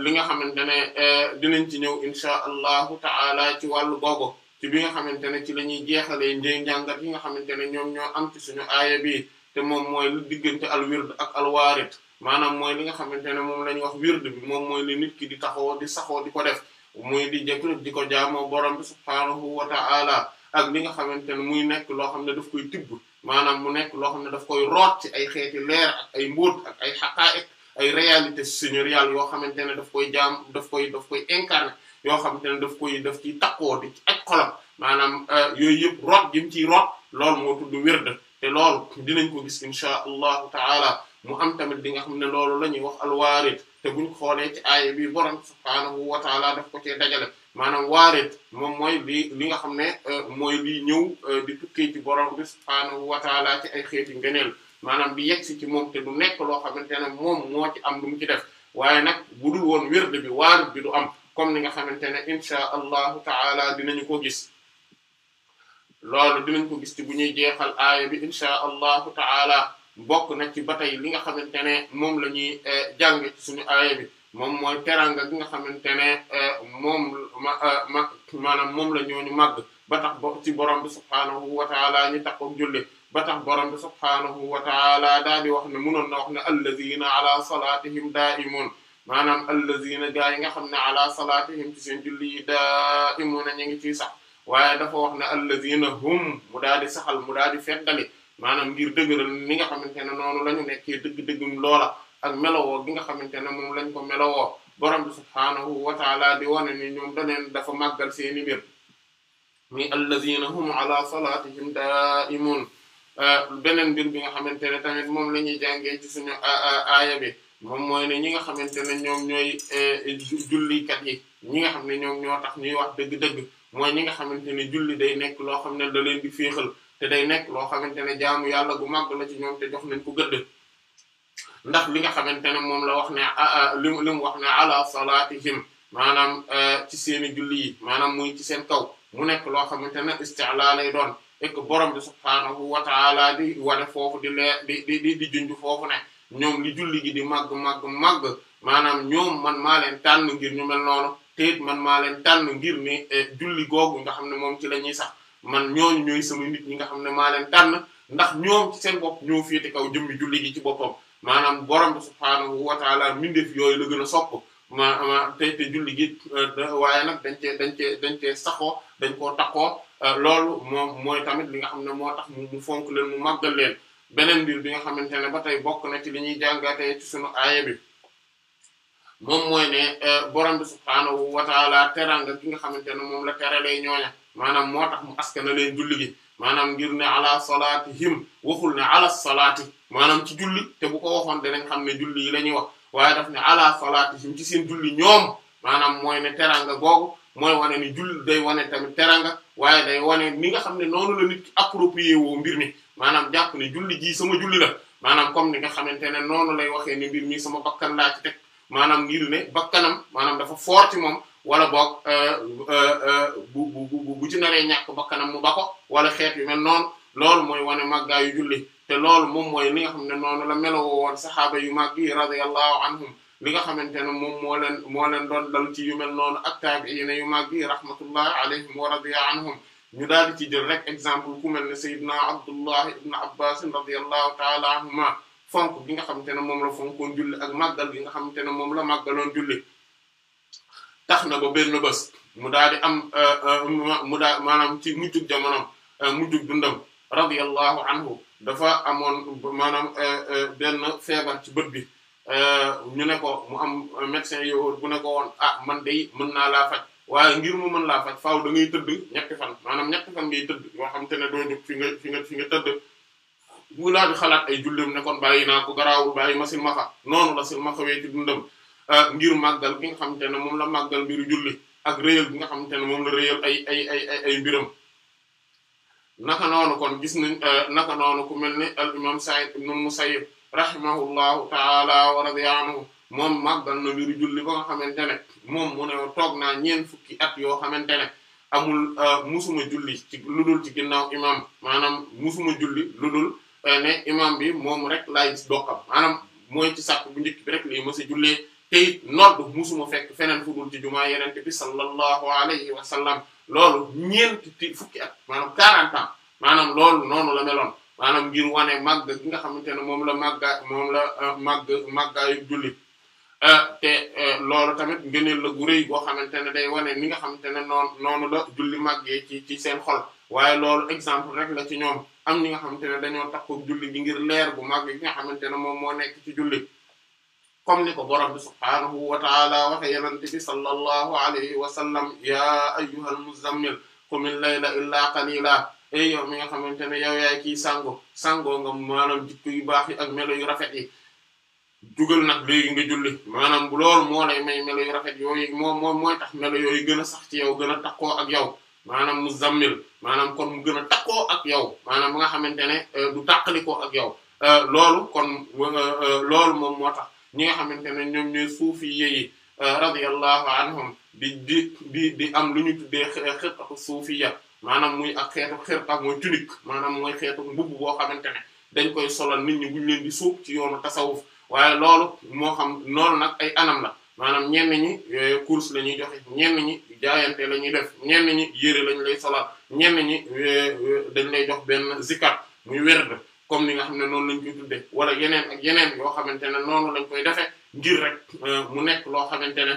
li nga xamante ne dinañ ci ñëw insha allahu ta'ala ci wàllu googu. ci bi nga xamante ne ci la ñuy jeexalee njàngat yi nga xamante ne ñoom ñoo am ci suñu aaya bi te moom mooy lu diggante al wird ak al waarit maanaam mooy li nga xamante ne moom la ñu wax wird bi moom mooy li nit ki di taxoo di saxoo di ko def mooy di jëkk di ko jaamoo borom bi subhaanahu wa ta'ala ak li nga xamante ne muy nekk loo xam ne daf koy tibb maanaam mu nekk loo xam ne daf koy root ay xeeti leer ak ay mbóot ak ay xaqaa'iq ay réalité seigneuriale yoo xamante ne daf koy jaam daf koy daf koy incarner yoo xamante ne def koy def ci takkoo di ci ak xolam maanaam euh, yooyu yëpp root gi ci ciy root loolu moo tudd wird te lool dinañ ko gis insha allahu taala mu am tamit di nga xam ne loolu la ñuy wax alwaarit te buñ xoolee ci aaya bi borom subhaanahu wa taala daf ko cee dajale maanaam waarit moom mooy li li nga xam ne euh, mooy liy ñëw euh, di tukkee ci borom bi subhaanahu wa taala ci ay xeeti ngeneel maanaam bi yegg si ci moom te du nekk loo xamante ne moom moo ci am lu mu ci def waaye nag budul woon wird bi waarit bi du am comme ni nga xamante ne incha allahu ta'ala dinañu ko gis loolu dinañ ko gis ci bu ñuy jeexal aaya bi incha ta'ala bokk na ci ba tey li nga xamante ne moom la ñuy eh, jàng ci suñu aaya bi moom mooy teranga gi nga xamante ne eh, moom ma eh, moom la ñooñu màgg ba tax ba ci borom bi subhaanahu wa ta'ala ñu taxaw julli ba tax borom bi subhaanahu wa ta'ala daal di wax ne munoon na wax ne alladhina ala salatihim da'imun maanaam allazina gaa yi nga xam ne ala salaatihim ci seen julli yi daa'imuuna ñu ngi ciy sax waaye dafa wax ne allazina hum mu daal di saxal mu daal di feddali maanaam ngir dëgëral ni nga xamante ne noonu la ñu nekkee dëgg-dëggum loola ak melowoo gi nga xamante ne moom lañ ko melowoo borom bi subhaanahu wa di wane ni ñoom beneen dafa màggal seeni mbir mi allazina hum ala salatihim beneen mbir bi nga xamante ne tamit moom la ñuy jàngee ci suñu aaya bi moom mooy ne ñi nga xamante ne ñoom ñooy eh, kat yi ñi nga xam ne ñoom ñoo tax ñuy wax dëgg-dëgg mooy ñi nga xamante ne julli day nekk loo xam ne da di féexal te day nekk loo xamante ne jaamu yàlla gu màgg la ci ñoom te jox nañ ko gëdd ndax li nga xamante ne moom la wax ne li mu li mu wax ne ala salatihim maanaam eh, ci seeni julli yi maanaam muy ci seen kaw mu nekk loo xamante ne istila lay doon ek borom bi subhaanahu wa taala di wane foofu di lee ñoom li julli gi di màgg màgg màgg maanaam ñoom man maa leen tànn ngir ñu mel noonu te man maa leen tànn ngir ne e, julli googu nga xam ne moom ci la ñuy sax man ñooñu ñooy sama nit ñi nga xam ne maa leen tànn ndax ñoom ci seen bopp fii féete kaw jëmmi julli gi ci boppam maanaam borom bi subhaanahu wa taala yooyu la gën a sopp ma tey te julli gi e, waaye nag dañ cee dañ cee dañ cee saxoo dañ koo takkoo e, loolu moom mooy tamit li nga xam ne moo tax mu fonk leen mu màggal leen beneen mbir bi nga xamante ne ba tey bokk na ci li ñuy jàngatee ci sunu aaya bi moom mooy ne euh, borom bi subhaanahu wa teranga ki nga xamante ne moom la teralee ñooña maanaam moo tax mu askana leen julli gi maanaam ngir ne ala salaatihim waxul ne ala salaati maanaam ci julli te bu ko waxoon danañ xam ne julli yi la wax waaye daf ne ala salaatihim ci seen julli ñoom maanaam mooy ne teranga googu mooy wane ni jul day wane tamit teranga waaye day wane ni nga xam ne noonu la mbir mi maanaam jàpp ne julli ji sama julli la maanaam comme ni nga xamante ne noonu lay waxee ne mbir mi sama bakkan laa ci teg maanaam ngir ne bakkanam maanaam dafa foor moom wala boog euh, euh, euh, bu bu bu ci naree ñàkk bakkanam mu ba wala xeet yu mel noonu loolu mooy wane màggaayu julli te loolu moom mooy li nga xam ne noonu la meloo woon saxaaba yu màgg yi radiyallahu anhum li nga xamante ne moom moo leen moo leen doon dal ci yu mel noonu ak taabiina yu màgg yi rahmatullahi alayhim wa radiya anhum ñu daal di ci jël rek exemple ku mel ne Seydina Abdullah ibn Abbas radiyallahu ta'ala anhuma fonk bi nga xamante ne moom la fonkoon julli ak màggal bi nga xamante ne moom la màggaloon julli tax na ba benn bés mu daal di am euh, euh, mu daal maanaam ci mujjug jamonoom euh, mujjug dundam radiyallahu anhu dafa amoon maanaam benn feebar ci bët bi ñu ne ko mu am médecin yowoor bu ne ko woon ah, man de mën na laa faj waaye ngir mu mën laa faj faaw da ngay tëdd tëdd yoo xam te ne doo jóg fi nga fi nga fi nga tëdd bu laa di xalaat ay julleem ne kon bàyyi naa ko garaawul bàyyi ma silmaxa noonu la silmaxa wee ci dundam euh, ngir màggal gi nga xam te ne moom la màggal mbiru julli ak réyal bi nga xam te ne moom la réyal ay ay ay ay ay naka noonu kon gis nañ euh, naka noonu ku mel ni al imam Sa'id ibn Musayyib ta'ala wa radiya anhu moom màggal na mbiru julli ba nga xamante ne moom mu ne toog naa ñeen fukki at yoo xamante ne amul euh, musuma julli ci dul ci ginnaaw imam maanaam musuma julli ludul euh, ne imam bi moom rek laay gis doxam maanaam mooy ci sàkk bu njëkk bi rek lay mësa jullee te it nodd musuma fekk feneen fu dul ci jumaa yenente bi sallallahu alayhi wa sallam loolu ñeenti fukki at maanaam 40 ans maanaam loolu noonu la meloon maanaam ngir wane màgg ki nga xamante ne moom la màgga moom la euh, màgg màggaayu julli Euh, euh, loolu tamit ngëneel la gu rëy boo xamante ne day wane ni nga xamante ne noonu noonu la julli màggee ci ci seen xol waaye loolu exemple rek la ci ñoom am ñi nga xamante ne dañoo takku julli gi ngir leer bu màgg gi nga xamante ne moom moo nekk ci julli comme ni ko borom bi subhaanahu wa taala waxe yenante bi sallallahu alayhi wa sallam yaa ayyuhal muzammil qumil layla illaa qalila ey yow mi nga xamante ne yow yaay ciy sango sango nga maanaam jikko yu baax yi ak melo yu rafet yi jugal na léegi nga julli maanaam bu loolu moo lay may melo yu rafet yooyu moom moom mooy tax melo yooyu gën a sax ci yow gën a takkoo ak yow maanaam mu zammil maanaam kon mu gën a takkoo ak yow maanaam nga xamante ne euh, du tàqalikoo ak yow euh, loolu kon euh, loolu moom moo tax ñi nga xamante ne ñoom ñooy suufi yeyi radiyallahu anhum di di di di am lu ñu tuddee xirqatu suufiya maanaam muy ak xeetu xirqa mooy tunique maanaam mooy xeetu mbubb boo xamante ne dañ koy solal nit ñu buñ leen di suuf ci yoonu tasawuf waaye loolu moo xam loolu nag ay anam la maanaam ñenn ñi course lañuy ñuy joxe ñenn ñi jaayante la ñuy def ñenn ñi yére lañ lay solal ñenn ñi dañ lay jox benn zikat muy werd comme ni nga xam ne noonu lañ koy tuddee wala yeneen ak yeneen yoo xamante ne noonu lañ koy defee ngir rek euh, mu nekk loo xamante ne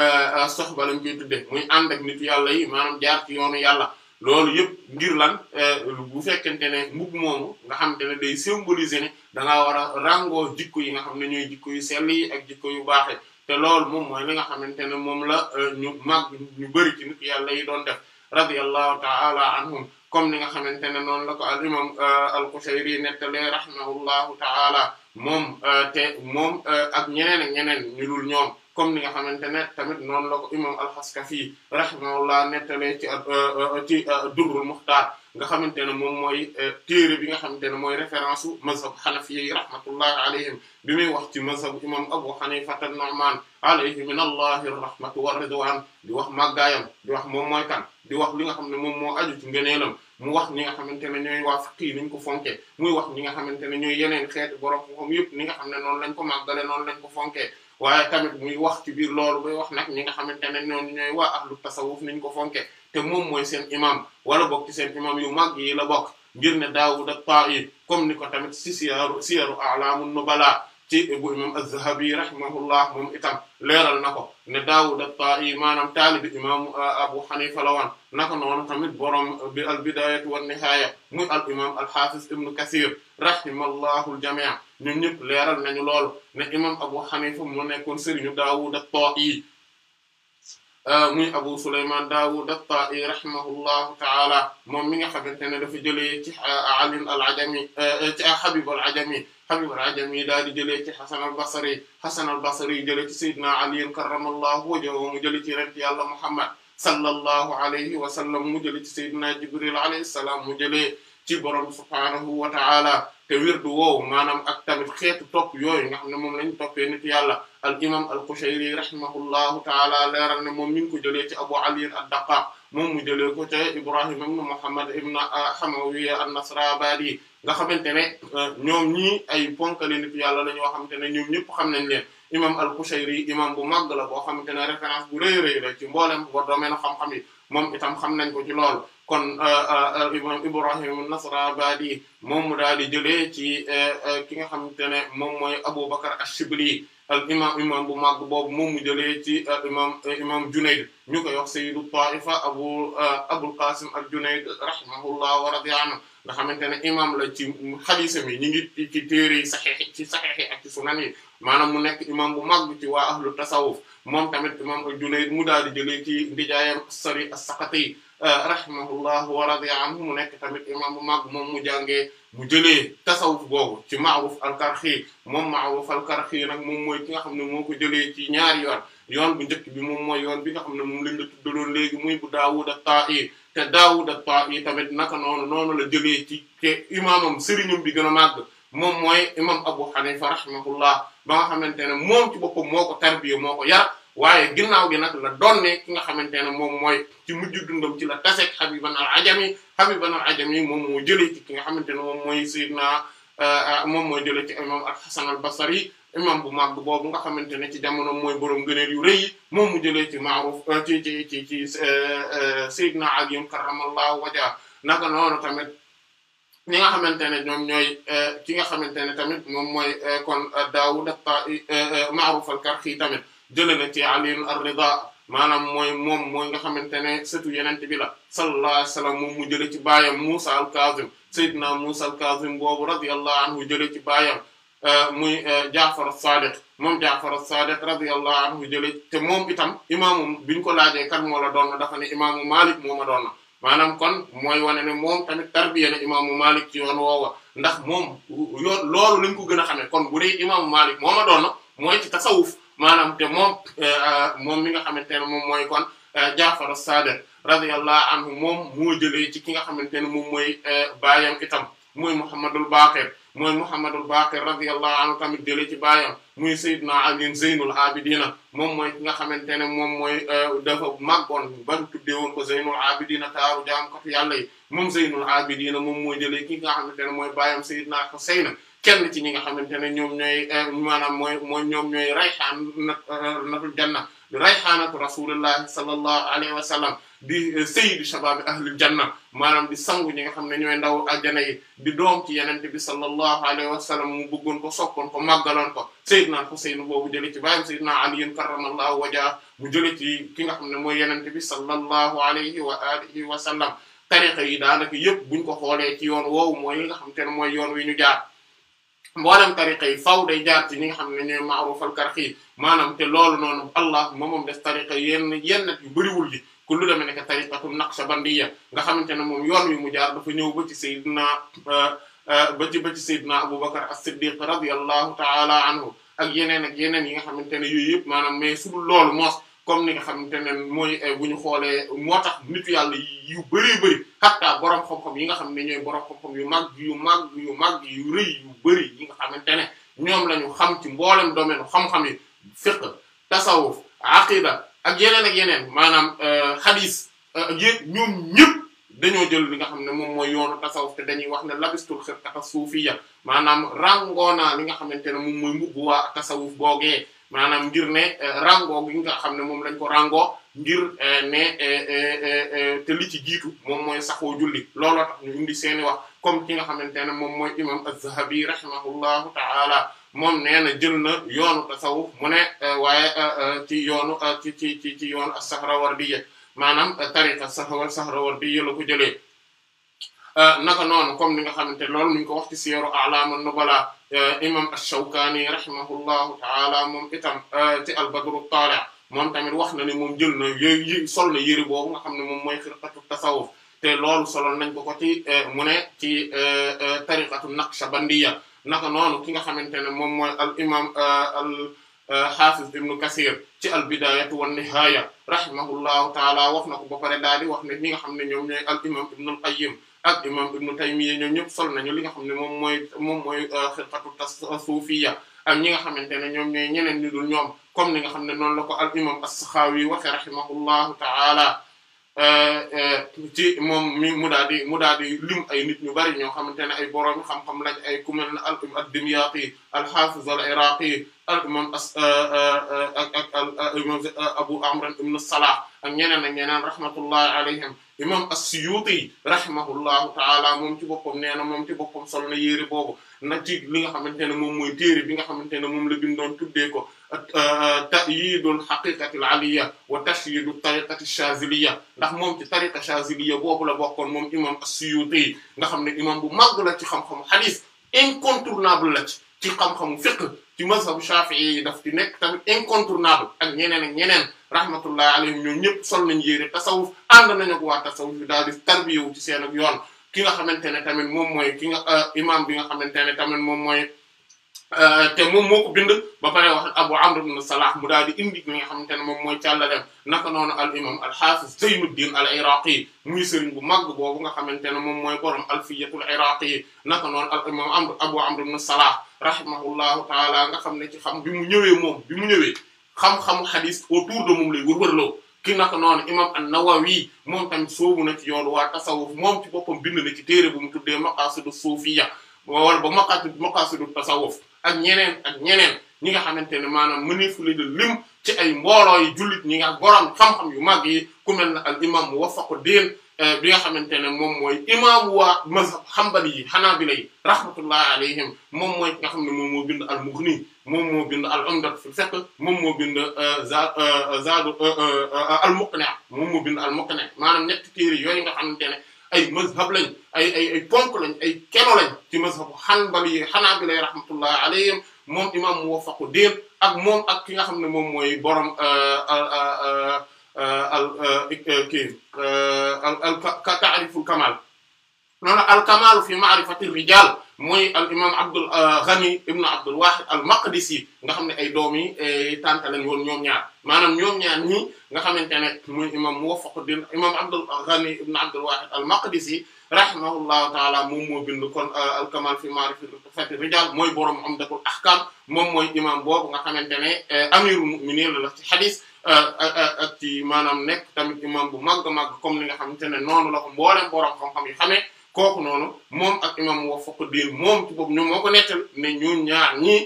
euh, soxba lañ koy tuddee muy ànd ak nit yàlla yi maanaam jaar ci yoonu yàlla. loolu yëpp ngir lan euh, bu fekkente ne mbubb moomu nga xam ne day symboliser ne da ngaa war a ràngoo jikko yi nga xam ne ñooy jikko yu sell yi ak jikko yu baax te lool moom mooy li nga xamante ne moom la euh, ñu mag ñu bari ci nit yàlla yi doon def radiyallahu ta'ala anhum comme ni nga xamante ne noonu la ko al imam euh, al-Qushayri nettali rahimahullahu ta'ala moom te moom ak ñeneen ak ñeneen ñu dul ñoom comme ni nga xamante ne tamit noonu la ko imam al-Xaskafi rahimahullah nettalee ci euh, euh, ci euh, Durrul Muxtaar nga xamante ne moom mooy téere bi nga xamante ne mooy référence u mazhab xanafiya yi rahmatullahi alayhim bi muy wax ci mazhabu imam Abu Xanifa an-Nu'man alayhi min allahi rahmatu wa ridwan di wax yam di wax moom mooy kan di wax li nga xam ne moom moo aju ci ngëneelam mu wax ñi nga xamante ne ñooy waa fiqh yi ko fonke muy wax ñi nga xamante ne ñooy yeneen xeeti borom yëpp ni nga xam ne noonu lañ ko màggale noonu lañ ko fonkee waaye tamit muy wax ci biir loolu muy wax nag ñi nga xamante ne ñoom wa waa ahlu tasawuf niñ ko fonke te moom mooy seen imam wala bokk ci seen imam yu mag yi la bokk ngir ne Daawud ak Ta'i comme ni ko tamit ci siyaru siyaru a'lamun nubala ci bu imam az-Zahabi rahimahullah moom itam leeral na ko ne Daawud at-Ta'i maanaam taalibi imam Abu Hanifa lawan naka noonu tamit borom bi al-Bidaya wa an-Nihaya muy al imam al-Hafiz Ibn Kathir rahimallahu al-jami' ñun ñëpp leeral nañu lool ne imam Abu Hanifa mu nekkoon sëriñu Daawud at-Ta'i Euh, muy Abu Sulaymaan Daawuud at-Taa'i rahimahullahu ta'ala moom mi nga xamante ne dafa jëlee ci euh, Ali al-Ajami euh, ci Habib al-Ajami Habib al-Ajami daal di jëlee ci Hasan al-Basri Hasan al-Basri jëlee ci Sayyidina Ali karramallahu wajhahu mu jëlee ci rent yàlla Muhammad sallallahu alayhi wa sallam mu jëlee ci Sayyidina Jibril alayhi salaam mu jëlee ci borom subhaanahu wa ta'ala te wirdu woowu maanaam ak tamit xeetu topp yooyu nga xam ne moom lañu toppee nit yàlla al imam al Qushayri rahimahullahu taala leeral ne moom mi ngi ko jëlee ci Abu Ali ad-Daqqaq moom mu jëlee ko ca Ibrahim ibn Muhammad ibn Hamawiya an-Nasrabadi nga xamante ne euh, ñoom ñii ay ponkale nit yàlla la ñoo xamante ne ñoom ñëpp xam nañ leen imam al Qushayri imam bu màgg la boo xamante ne référence bu rëy rëy la ci mboolem ba domaine xam-xam yi moom itam xam nañ ko ci lool kon imam euh, euh, euh, Ibrahim an-Nasrabadi moom mu daal di jëlee ci ki nga xamante ne moom mooy Abu Bakr ash al imam imam bu mag boobu moom mu jëlee ci imam imam Junayd ñu koy wax sayyidu ta'ifa abu Abul Qasim al-Junayd rahimahullah wa radiya anhu nga xamante ne imam la ci xadiisam yi ñi ngi ci téere yi saxiix ci saxiix yi ak ci sunan yi maanaam mu nekk imam bu mag ci waa ahlu tasawuf moom tamit imam al-Junayd mu daal di jëlee ci ndijaayam as-Sari as-Saqati Euh, rahimahullah wa am anhu mu nekk tamit imam bu mag moom mu jàngee bu jëlee tasawuf googu ci Ma'ruf al moom Ma'ruf al-Karxi nag moom mooy ki nga xam ne moo ko jëlee ci ñaari yoon yoon bu njëkk bi moom mooy yoon bi nga xam ne moom lañ la tuddaloon léegi muy bu Daawud at-Ta'i te Daawud at-Ta'i tamit naka noonu noonu la jëlee ci te imaamam sëriñam bi gën a màgg moom mooy imam Abu Hanifa rahimahullah ba nga xamante ne moom ci boppam moo ko tarbiya moo ko yar waaye ginnaaw gi nag la doonne ki nga xamante ne moom mooy ci mujj dundam ci la taseek Habiban al-Ajami Habiban al-Ajami moom moo jëlee ci ki nga xamante ne moom mooy Seydina euh, euh, moom mooy jëlee ci imam al-Hasan al-Basri imam bu mag boobu nga xamante ne ci jamono mooy borom gëneel yu rëy moom mu jëlee ci Ma'ruf euh, ci ci ci ci Seydina Ali karramallahu wajha naka noonu tamit ñi nga xamante ne ñoom ñooy ki nga xamante ne tamit moom mooy kon daaw at-Ta'i Ma'ruf al tamit. jële na ci aliin ar-rida maanaam mooy moom mooy nga xamante ne sëtu yenente bi la sallallahu alayhi moom mu jële ci baayam Musa al-Kazim sayyidina Musa al-Kazim boobu radiyallahu anhu jële ci baayam euh, muy euh, Jaafar as-Sadiq moom Jaafar as-Sadiq radiyallahu anhu jële te moom itam imaamu biñ ko laajee kan moo doon na dafa ne imaamu Malik moo ma doon na maanaam kon mooy wane ne moom tamit tarbiya na imaamu Malik ci yoon woowa ndax moom loolu lañ ko gën a xamee kon bu dee imaamu Malik moom ma doon na mooy maanaam te moom euh, euh, moom mi nga xamante ne moom mooy kon euh, Jaafar as-Saadiq radiyallahu anhu moom moo jëlee ci ki nga xamante ne moom mooy baayam itam mooy Muhammadul Baaqir mooy Muhammadul Baaqir radiyallahu anhu tamit jëlee ci baayam muy Seydina Ali Zeynul Abidina moom mooy ki nga xamante ne moom mooy dafa màggoon ba tuddee woon ko Zeynul Abidina taaru jaam ko fi yàlla yi moom Zeynul Abidina moom moo jëlee ki nga xamante ne mooy baayam Seydina Husayn kenn ci ñi nga xamante ne ñoom ñooy euh, maanaam mooy mooy ñoom ñooy rayxaan euh, natul janna rayxaanatu rasulillahi sallallahu alayhi wa sallam di euh, sayyidu shababi ahlul janna maanaam bi sangu ñi nga xam ne ñooy ndaw aljana yi di doom ci yenente bi sallallahu alayhi wa sallam mu bëggoon ko soppoon ko màggaloon ko sayyidna Husayn boobu jële ci baayam sayyidna Ali karramallahu wajha bu jële ci ki nga xam ne mooy yenente bi sallallahu alayhi wa alihi wa sallam tariqa yi daanaka yépp buñ ko xoolee ci yoon wow mooy li nga xam te ne mooy yoon wi ñu jaar mboolem tariqa yi faw day jaar ci ñi nga xam ne ñooy ma'rufal karxi yi maanaam te loolu noonu allah moom moom des tariqa yenn yenn yu bëriwul ji ku lu demee nekk tariqatu naqshbandiya nga xamante ne moom yoon wi mu jaar dafa ñëw ba ci sayyidina euh, euh, ba ci ba ci sayyidina abubakar as-siddiq radiyallahu ta'ala anhu ak yeneen ak yeneen yi nga xamante ne yooyu yëpp maanaam mais su dul loolu moos comme ni nga xamante ne mooy eh, bu ñu xoolee moo tax nitu yàlla yu bëree bëri xattaa borom xam-xam yi nga xam ne ñooy borom xam-xam yu mag yu mag yu mag yu rëy yu bëri yi nga xamante ne ñoom la ñu xam ci mboolem domaine xam yi fiqh tasawuf aqida ak yeneen ak yeneen maanaam eh, hadis eh, yéeg ñoom ñëpp dañoo jël li nga xam ne moom mooy yoonu tasawuf te dañuy wax ne labistul xirqata suufiyya maanaam rangoonaa li nga xamante ne moom mooy mbubb waa tasawuf boogee maanaam ngir ne eh, rango gi nga xam moom lañ ko rango ngir eh, ne eh, te li ci jiitu moom mooy saxoo julli looloo tax ñu indi seeni wax comme ki nga xamante ne moom mooy imam az-Zahabi rahimahullahu ta'ala moom nee na jël na yoonu tasawuf mu ne waaye ci yoonu ci ci ci ci yoonu as-Sahrawardiya maanaam tariqa sahwa Sahrawardiya la ko jëlee naka noonu comme ni nga xamante loolu ñu ko wax ci Siyaru A'lam an-Nubala Eh, imam ash-Shawkani rahimahullahu ta'ala moom itam eh, ci al-Badru at-Tali' moom tamit wax na ne moom jël na sol na yëri boobu nga xam ne moom mooy firqatu tasawuf te lool soloon nañ ko ko ci eh, mu ne ci tariqatu naqshbandiya naka noonu ki nga xamante ne moom mooy al imam al xaafiz ibnu kasir ci al bidayatu wan nihaya rahimahullahu taala wax na ko ba pare daal di wax ne ñi nga xam ne ñoom ñooy al imam ibnu al qayyim ak imam ibnu Taymiyya ñoom ñëpp sol nañu li nga xam ne moom mooy moom mooy euh, xirqatu tasawufiyya euh, ak ñi nga xamante ne ñoom ñooy ñeneen ñu dul ñoom comme ni nga xam ne noonu la ko al imam as-Saxaawi waxe rahimahullahu ta'ala euh, ci moom mi mu daal di mu daal di lim ay nit ñu bari ñoo xamante ne ay borom xam-xam lañ ay ku mel ne al-Dimyaati al-Haafiz al-Iraaqi al imam as imam eh, Abu Amr ibn Salah ak ñeneen ak ñeneen rahmatullahi alayhim imam as-Suyuti rahimahullahu ta'ala moom ci boppam nee na moom ci boppam sol na yére boobu na ci li nga xamante ne moom mooy téere bi nga xamante ne moom la bindoon tuddee ko eh, ta'yidul haqiqatil aliyya wa tashyidut tariqati shaziliyya ndax moom ci tariqa shaziliyya boobu la bokkoon moom imam as-Suyuti nga xam ne imam bu mag la ci xam-xamu hadith incontournable la ci ci xam-xamu fiqh ci mazhabu Shafi'i yi daf di nekk tamit incontournable ak ñeneen ak ñeneen rahmatullah alayhim ñoom ñëpp sol nañ yére tasawuf ànd nañu ak waa tasawuf yu daal di tarbiyewu ci seen ak yoon ki nga xamante ne tamit moom mooy ki nga euh, imam bi nga xamante ne tamit moom mooy Euh, te moom moo ko bind ba pare wax Abu Amr ibn Salah mu daal indi li nga xamante ne moom mooy dem naka noonu al imam al hafiz Zaynuddin al Iraqi muy sëriñ bu màgg boobu nga xamante ne moom mooy borom alfiyatul Iraqi naka noonu al imam Amr Abu Amr ibn Salah rahimahullahu taala nga xam ne ci xam bi mu ñëwee moom bi mu ñëwee xam-xamu hadith autour de moom lay wërwërloo ki naka noonu imam an-Nawawi moom tamit soobu na ci yoonu waa tasawuf moom ci boppam bind na ci téere bu mu tuddee maqasidu sufiya wala ba maqasidu maqasidu tasawuf ak ñeneen ak ñeneen ñi nga xamante ne maanaam mëneefu la lim ci ay mbooloo yi jullit ñi nga borom xam-xam yu mag yi ku mel ne al imam Muwaffaqud-Din eh, bi nga xamante ne moom mooy imam waa mazhab hanbali yi hanabila yi rahmatullahi alayhim moom mooy nga xam ne moom moo bind al-Mughni moom moo bind al-Umdat fil fiqh moom moo bind eh, zaadu eh, al-Muqni' moom moo bind al-Muqni' maanaam ñetti téere yooyu nga xamante ne. ay mazhab lañ ay ay ay ponk lañ ay keno lañ ci mazhabu hanbali yi hanabila rahmatullah alayhim moom imam muwaffaqu din ak moom ak ki nga xam ne moom mooy borom al euh, euh, euh, kii al al ta'riful kamal noonu alkamaalu fi ma'rifati rijal mooy al imam Abdul euh, Ghani ibn Abdul Wahid al Maqdisi nga xam ne ay doom yi euh, tànta lañ woon ñoom ñaar maanaam ñoom ñaar ñi nga xamante ne muy imam Muwaffaquddin imam Abdul Ghani ibn Abdul Wahid al Maqdisi rahimahullahu taala moom moo bind kon euh, alkamal fi ma'rifati rijal mooy borom Umdatul Ahkam moom mooy imam boobu nga xamante ne amirul mu'minin la ci hadith ak ci maanaam nekk tamit imam bu màgg màgg comme li nga xamante ne noonu la ko mboolem borom xam-xam yi xamee. kooku noonu moom ak imam Wafaquddin moom ci boobu ñoom moo ko nettal ne ñu ñaar ñii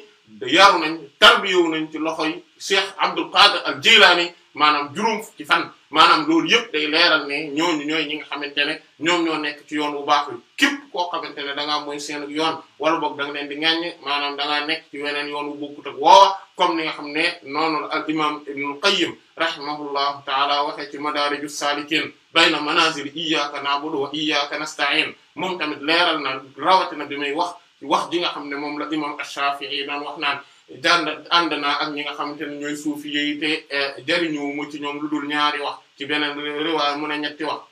yaru nañ tarbiyewu nañ ci loxoy Cheikh Abdul Qadir al Jilani maanaam juróom fukki fan maanaam loolu yëpp day leeral ne ñooñu ñooy ñi nga xamante ne ñoom ñoo nekk ci yoon bu baax bi képp koo xamante ne da ngaa mooy seen yoon wala boog da nga leen di ŋaññe maanaam da ngaa nekk ci weneen yoon wu bokkut ak woowa comme ni nga xam ne noonu al imam Ibnul Qayyim rahimahullahu taala waxee ci Madaariju Saalikiin bayna manaazil iyyaka na'budu wa iyyaka nasta'in moom tamit leeral na rawatina bi muy wax wax ji nga xam ne moom la moom Ash-Shafi'i daan wax naan daan ànd naa ak ñi nga xamante ne ñooy suuf yi te eh, jariñu mu ci ñoom lu dul ñaari wax ci beneen riwaaya mu ne ñetti wax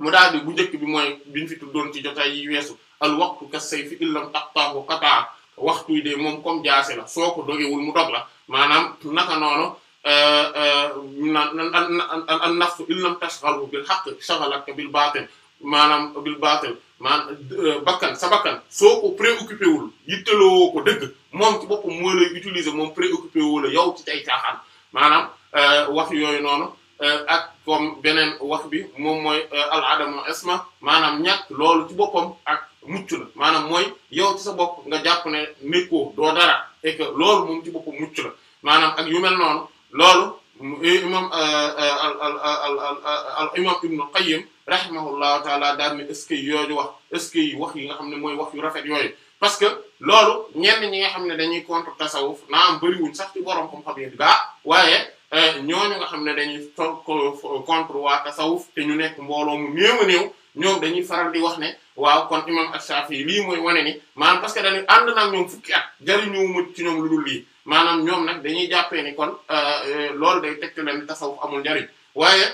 mu daal di bu njëkk bi mooy biñ fi tuddoon ci jotaay yi weesu al waqtu kas sayfi illam taqta'hu qata'a waxtu yi de moom kom jaase la soo ko dogewul mu dog la maanaam naka noonu eh, eh, naan an nafsu illam tashghalhu bil haqq shaghalaka bil batil maanaam bil baatil bakkan sa bakkan soo ko préoccupé wul yitteloo ko dégg moom ci boppam moo lay utiliser moom préoccupé wu yow ci ay caaxaan maanaam wax yooyu noonu ak comme beneen wax bi moom mooy al adamu isma maanaam ñàkk loolu ci boppam ak mucc la maanaam mooy yow ci sa bopp nga jàpp ne nekkoo doo dara et que loolu moom ci boppam mucc la maanaam ak yu mel noonu loolu imam al Qayyim rahimahullahu taala daal ne est-ce que yooyu wax est-ce que yi wax yi nga xam ne mooy wax yu rafet yooyu parce que loolu ñenn ñi nga xam ne dañuy contre tasawuf naa am bëriwuñ sax borom xam-xam yi gaa waaye euh, nga xam ne dañuy contre waa tasawuf te ñu nekk mbooloo mu néew a néew ñoom dañuy faral di wax ne waaw kon imam Ash-Shafi'i lii mooy wane ni parce que dañuy ànd naag ñoom fukki at jariñu mu ci ñoom lu dul lii maanaam ñoom nag dañuy jàppee ni kon euh, euh, loolu day tegte leen tasawuf amul jariñ waaye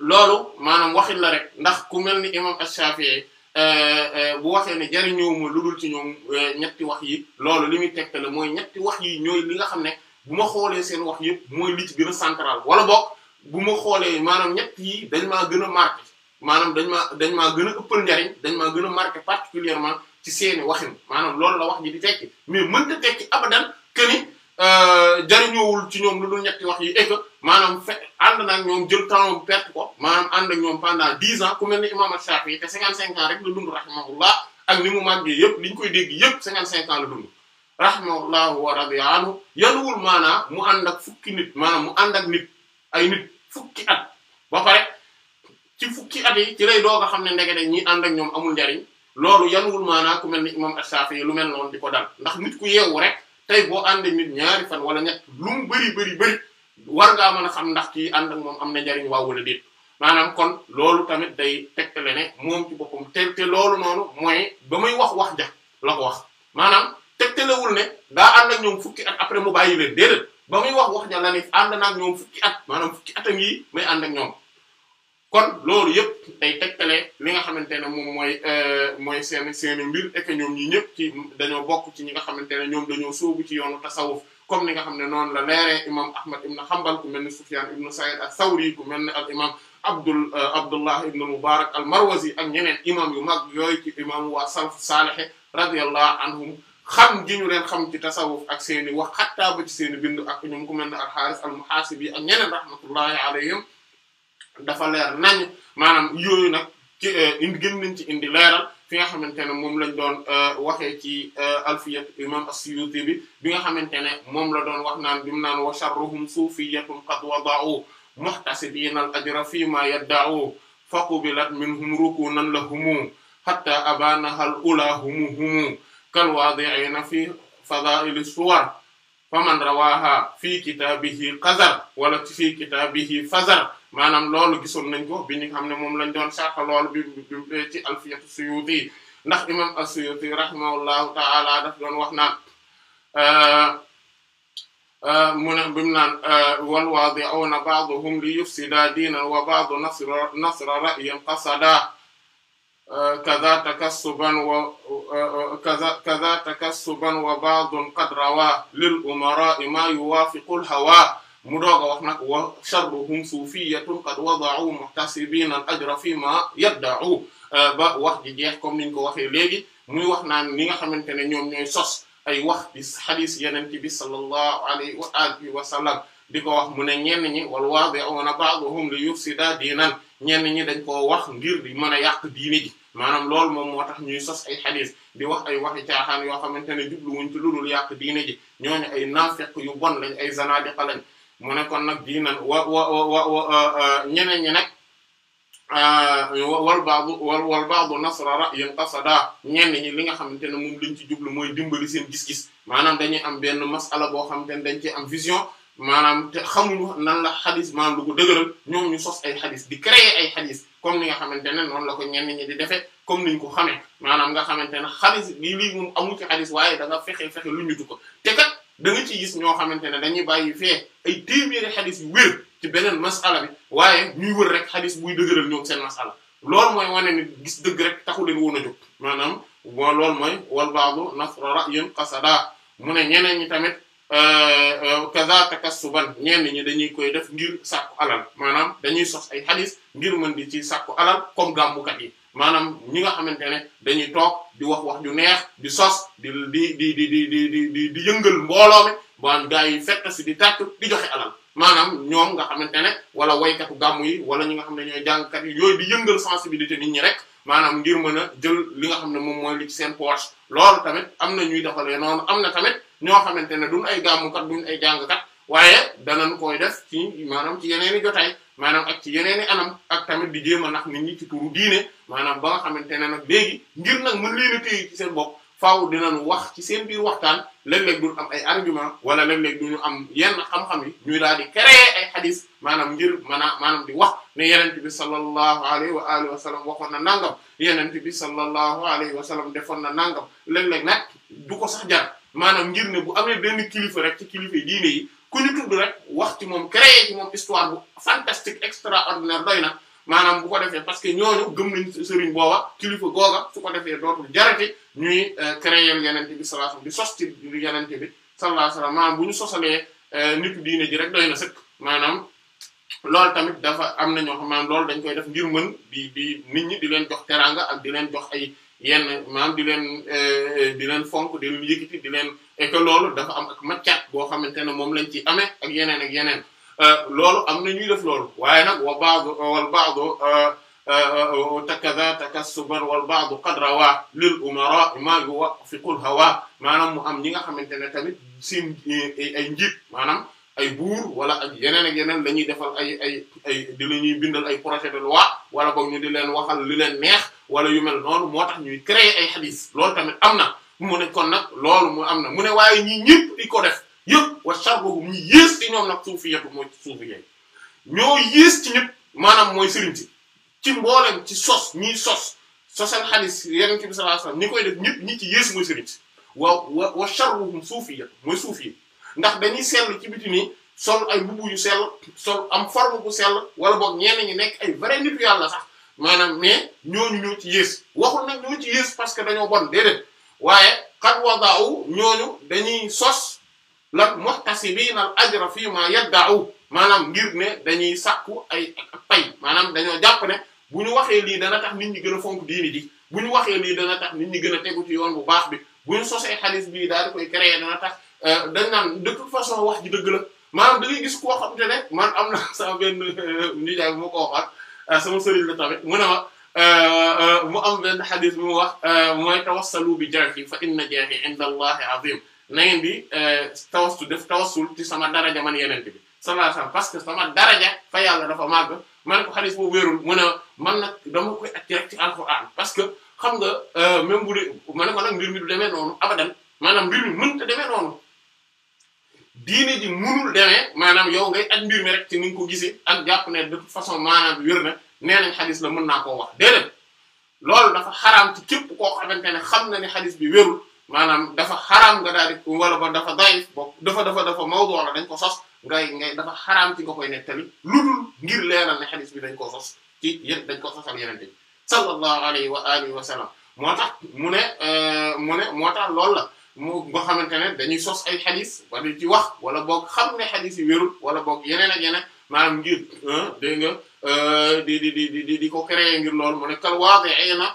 loolu maanaam waxit la rek ndax ku mel ni imam Ash-Shafi'i eh, eh, bu waxee ne jariñoo ma lu dul ci ñoom eh, ñetti wax yi loolu li muy tegtale mooy ñetti wax yi ñooy li nga xam ne bu ma xoolee seen wax yëpp mooy li ci gën a central wala boog bu ma xoolee maanaam ñett yi dañ maa gën a marqué maanaam dañ ma dañ maa gën a ëppal njariñ dañ ma gën a marqué particulièrement ci seeni waxin maanaam loolu la wax ji di tekki mais mënta tekki abadan que Euh, jariñoowul ci ñoom lu dul ñetti wax yi et que maanaam fe ànd naag ñoom jël temps perte ko maanaam ànd ak ñoom pendant dix ans ku mel ni imaam Shafi'i te cinquante cinq ans rek la dund rahimahullah ak ni mu màggee yëpp li ñu koy dégg yëpp cinquante cinq ans la dund rahimahullahu wa radiya anhu yanuwul maanaa mu ànd ak fukki nit maanaam mu ànd ak nit ay nit fukki at ba pare ci fukki at ci lay doog a xam ne ndege de ñi ànd ak ñoom amul njariñ loolu yanuwul maanaa ku mel ni imaam Shafi'i lu mel noonu di ko dal ndax nit ku yeewu rek tey boo àndee nit ñaari fan wala ñett lu mu bëri bëri bëri war ngaa man a xam ndax kii ànd ak moom am na njariñ waaw wala maanaam kon loolu tamit day tegtale ne moom ci boppam te loolu noonu mooy ba muy wax wax ja la ko wax maanaam tegtalewul ne daa ànd ak ñoom fukki at après mu bàyyi leen déedéet ba muy wax wax ja la ne ànd naa ak ñoom fukki at maanaam fukki atam yi may ànd ñoom kon loolu yëpp day tegtale li nga xamante ne moom mooy euh, mooy seen seen mbir et que ñoom ñi ñëpp ci dañoo bokk ci ñi nga xamante ne ñoom dañoo sóobu ci yoonu tasawuf comme ni nga xam ne noonu la leeree imam Ahmad ibn Hanbal ku mel ni Sufyan ibn Sa'id as-Sawri ku mel ni al imam Abdul euh, Abdullah ibn Mubarak al-Marwazi ak ñeneen imam yu mag yooyu ci imam waa salaf saalihe radiyallahu anhum xam gi ñu leen xam ci tasawuf ak seen i wax xattaa ba ci seen bind ak ñoom ku mel ne al-Harith al-Muhasibi ak ñeneen rahmatullahi alayhim dafa leer nañ maanaam yooyu nag ci eh, indi gën nañ ci indi leeral fi nga xamante ne moom lañ doon eh, waxee ci eh, alfiyat imam as-Suyuti bi bi nga xamante ne moom la doon wax naan bi mu naan wa sharruhum suufiyyatun qad wada'u muhtasibina al-ajra fi ma yadda'u faqubilat minhum rukunan lahumu hatta abanaha al-ula humu humu kalwaadi'ina fi fadaa'ili suwar faman rawaha fi kitaabihi qazar wala fi kitaabihi fazar maanaam loolu gisoon nañ ko bi ñu xam ne moom lañ doon sàq loolu bi bi ci alfiyatu suyuti ndax imam as-suyuti rahimahullahu ta'ala daf doon wax naan euh, euh, mu ne bi mu naan euh, wal waadi'uuna ba'duhum li yufsida diinan wa ba'du nasra nasra ra'yin qasada kaza takassuban wa kaza kaza takassuban wa ba'dun qad rawa lil umara'i ma yuwaafiqu al-hawa mu doog a wax nag wa sharruhum suufiyyatun qad wada'u muhtasibina al ajra fi ma ba wax ji jeex comme niñ ko waxee léegi muy wax naan li nga xamante ne ñoom ñooy sos ay wax di xadis yeneen ci bi sallallahu alayhi wa alihi wa sallam di ko wax mu ne ñenn ñi wal wadi'una ba'dhum li yufsida diinan ñenn ñi dañ koo wax ngir di mën a yàq diini ji maanaam loolu moom moo tax ñuy sos ay xadis di wax ay waxi caaxaan yoo xamante ne jubluwuñ ci lulu dul yàq diini ji ñooñu ay naafiq yu bon lañ ay zanadiqa lañ mu ne kon nag diinan wa wa wa wa uh, uh, ñeneen ñi nag uh, wal baabu wal wal baabu nasra ra'yin qasada ñenn ñi li nga xamante ne moom lañ ci jublu mooy dimbali seen gis-gis maanaam dañuy am benn masala boo xamante ne dañ ci am vision maanaam te xamuñu nan la xadis maanaam lu ko dëgëral ñoom ñu sos ay xadis di créer ay xadis comme ni nga xamante ne noonu la ko ñenn ñi di defee comme niñ ko xamee maanaam nga xamante ne xadis lii lii moom amu ci xadis waaye da nga fexe fexe lu ñu du ko te da nga ciy gis ñoo xamante ne dañuy bàyyi fee ay téeméeri xadis yu wér ci beneen masala bi waaye ñuy wër rek xadis buy dëgëral ñoom seen masala loolu mooy wane ne gis dëgg rek taxu leen woon a jóg maanaam bon loolu mooy wal ba'du nasra ra'yin mu ne ñeneen ñi tamit euh, euh, kaza takassuban ñenn ñi dañuy koy def ngir sàkku alal maanaam dañuy sos ay xadis ngir mën di ci sàkku alal comme gàmbukat yi maanaam ñi nga xamante ne dañuy toog di wax wax ju neex di sos di di di di di di di di yëngal mbooloo mi maanaam gaa yi fekk si di tàcc di joxe alal maanaam ñoom nga xamante ne wala waykatu gàmmu yi wala ñi nga xam ne ñooy jàngkat yi yooyu di yëngal sensibilité nit ñi rek maanaam ngir mën a jël li nga xam ne moom mooy li ci seen poche loolu tamit am na ñuy doxalee noonu am na tamit ñoo xamante ne duñ ay gàmmukat duñ ay jàngkat waaye danañ koy def ci maanaam ci yeneen i jotaay. maanaam ak ci yeneen i anam ak tamit di jéem a nax nit ñi ci turu diine maanaam ba nga xamante ne nag léegi ngir nag mën leen a téye ci seen bopp faaw dinañ wax ci seen biir waxtaan léeg-léeg am ay argument wala léeg-léeg duñu am yenn xam-xam ñuy daal di ay xadis maanaam ngir maanaam maanaam di wax ne yenent bi sallallahu alayhi wa alihi wa sallam waxoon na nangam yenent bi sallallahu alayhi wa sallam defoon na nangam léeg nag du ko sax jar maanaam ngir ne bu amee benn kilifa rek ci kilifa diine yi ku ñu tudd rek wax ci moom créé ci moom histoire bu fantastique extraordinaire doy na maanaam bu ko defee parce que ñooñu gëm nañu sëriñ booba kilifa googa su ko defee dootul jarati ñuy euh, créer yeneen bi sallallahu alayhi bi sallallahu alayhi maanaam bu ñu sosalee euh, nit diine ji rek doy na sëkk maanaam loolu tamit dafa am na ñoo xam maanaam loolu dañ koy def ngir mën bi di nit ñi di leen jox teraanga ak di leen jox ay. yenn maanaam di leen eh, eh, di leen fonk di leen yëkkati leen loolu dafa am ak maccaat boo xamante ne moom lañ ci amee ak yeneen ak yeneen eh, loolu am na ñuy def loolu waaye nag wa ba'du wal ba'du takaza takassuban wal wa qad rawa lil wa ma yuwafiqul hawa maanaam mu am ñi nga xamante ne tamit si ay njiit maanaam ay buur wala ak yeneen ak yeneen la defal ay ay ay di la ñuy bindal ay projet de loi wala boog ñu di leen waxal li leen neex wala yu mel noonu moo tax ñuy créer ay xadis loolu tamit am na mu ne kon nag loolu mu am na mu ne waaye ñi ñëpp di ko def yëpp wa sharbuhum ñi yées ci ñoom nag suufiyatu mooy suufiyay ñoo yées ci ñëpp maanaam mooy sëriñ si ci mboolem ci sos ñiy sos sosal xadis yeneen ci bi sallallahu alayhi wasallam ñi ci yées mooy sëriñ si wa wa wa sharruhum suufiyatu mooy suufiya ndax dañuy seetlu ci biti nii sol ay mbubu yu sell sol am forme bu sell wala boog ñenn ñi nekk ay vrai nitu yàlla sax maanaam mais ñooñu ñoo ci yées waxul nag ñoo ci yées parce que dañoo bon déedéet waaye xat wadaaw ñooñu dañuy sos lan muhtasibiina al ajra fii ma yadda'u maanaam ngir ne dañuy sàkku ay pay maanaam dañoo jàpp ne bu ñu waxee lii dana tax nit ñi gën a fonk diini ji bu ñu waxee lii dana tax ñi gën yoon bu baax bi bu ñu sosee xaalis bii daal di koy créer dana tax euh, dañ naan de toute façon wax ji dëgg la maanaam da gis koo xam te ne man am na sa benn euh, nijaay bu ma ko waxaat Euh, sama sëriñ la tamit mu ne ma euh, euh, mu am benn xadis bi mu wax mooy tawassalu bi jaahi fa inna jaahi inda allahi azim na ngeen di tawassul def tawassul ci sama daraja man yeneen bi sallallahu alayhi wasallam parce que sama daraja fa yàlla dafa màgg man ne ko xadis boobu wérul mu man nag dama koy atti rek ci alquran parce que xam nga même bu dee ma ne ko nag mbir mi du demee noonu abadan maanaam mbir mi diine ji munul demee maanaam yow ngay aj mbir mi rek ci ni nga ko gisee ak jàpp ne de façon maanaam wér na nee nañ xadis la mën naa koo wax déedéet loolu dafa xaraam ci képp koo xamante ne xam na ne xadis bi wérul maanaam dafa xaraam nga daal di wala ba dafa daif bokk dafa dafa dafa mawdu la dañ ko sos ngay ngay dafa xaraam ci nga koy nettali lu dul ngir leeral ne xadis bi dañ ko sos ci yéen dañ ko sosal yeneen bi sallallahu alayhi wa alihi wa sallam moo tax mu ne euh, mu ne moo tax loolu la mu nga xamante ne dañuy sos ay xadis wala ci wax wala boog xam ne xadis yi wérul wala boog yeneen ak yeneen maanaam ngir dégg nga euh, di di di di di ko créer ngir loolu mu ne kal waade ay na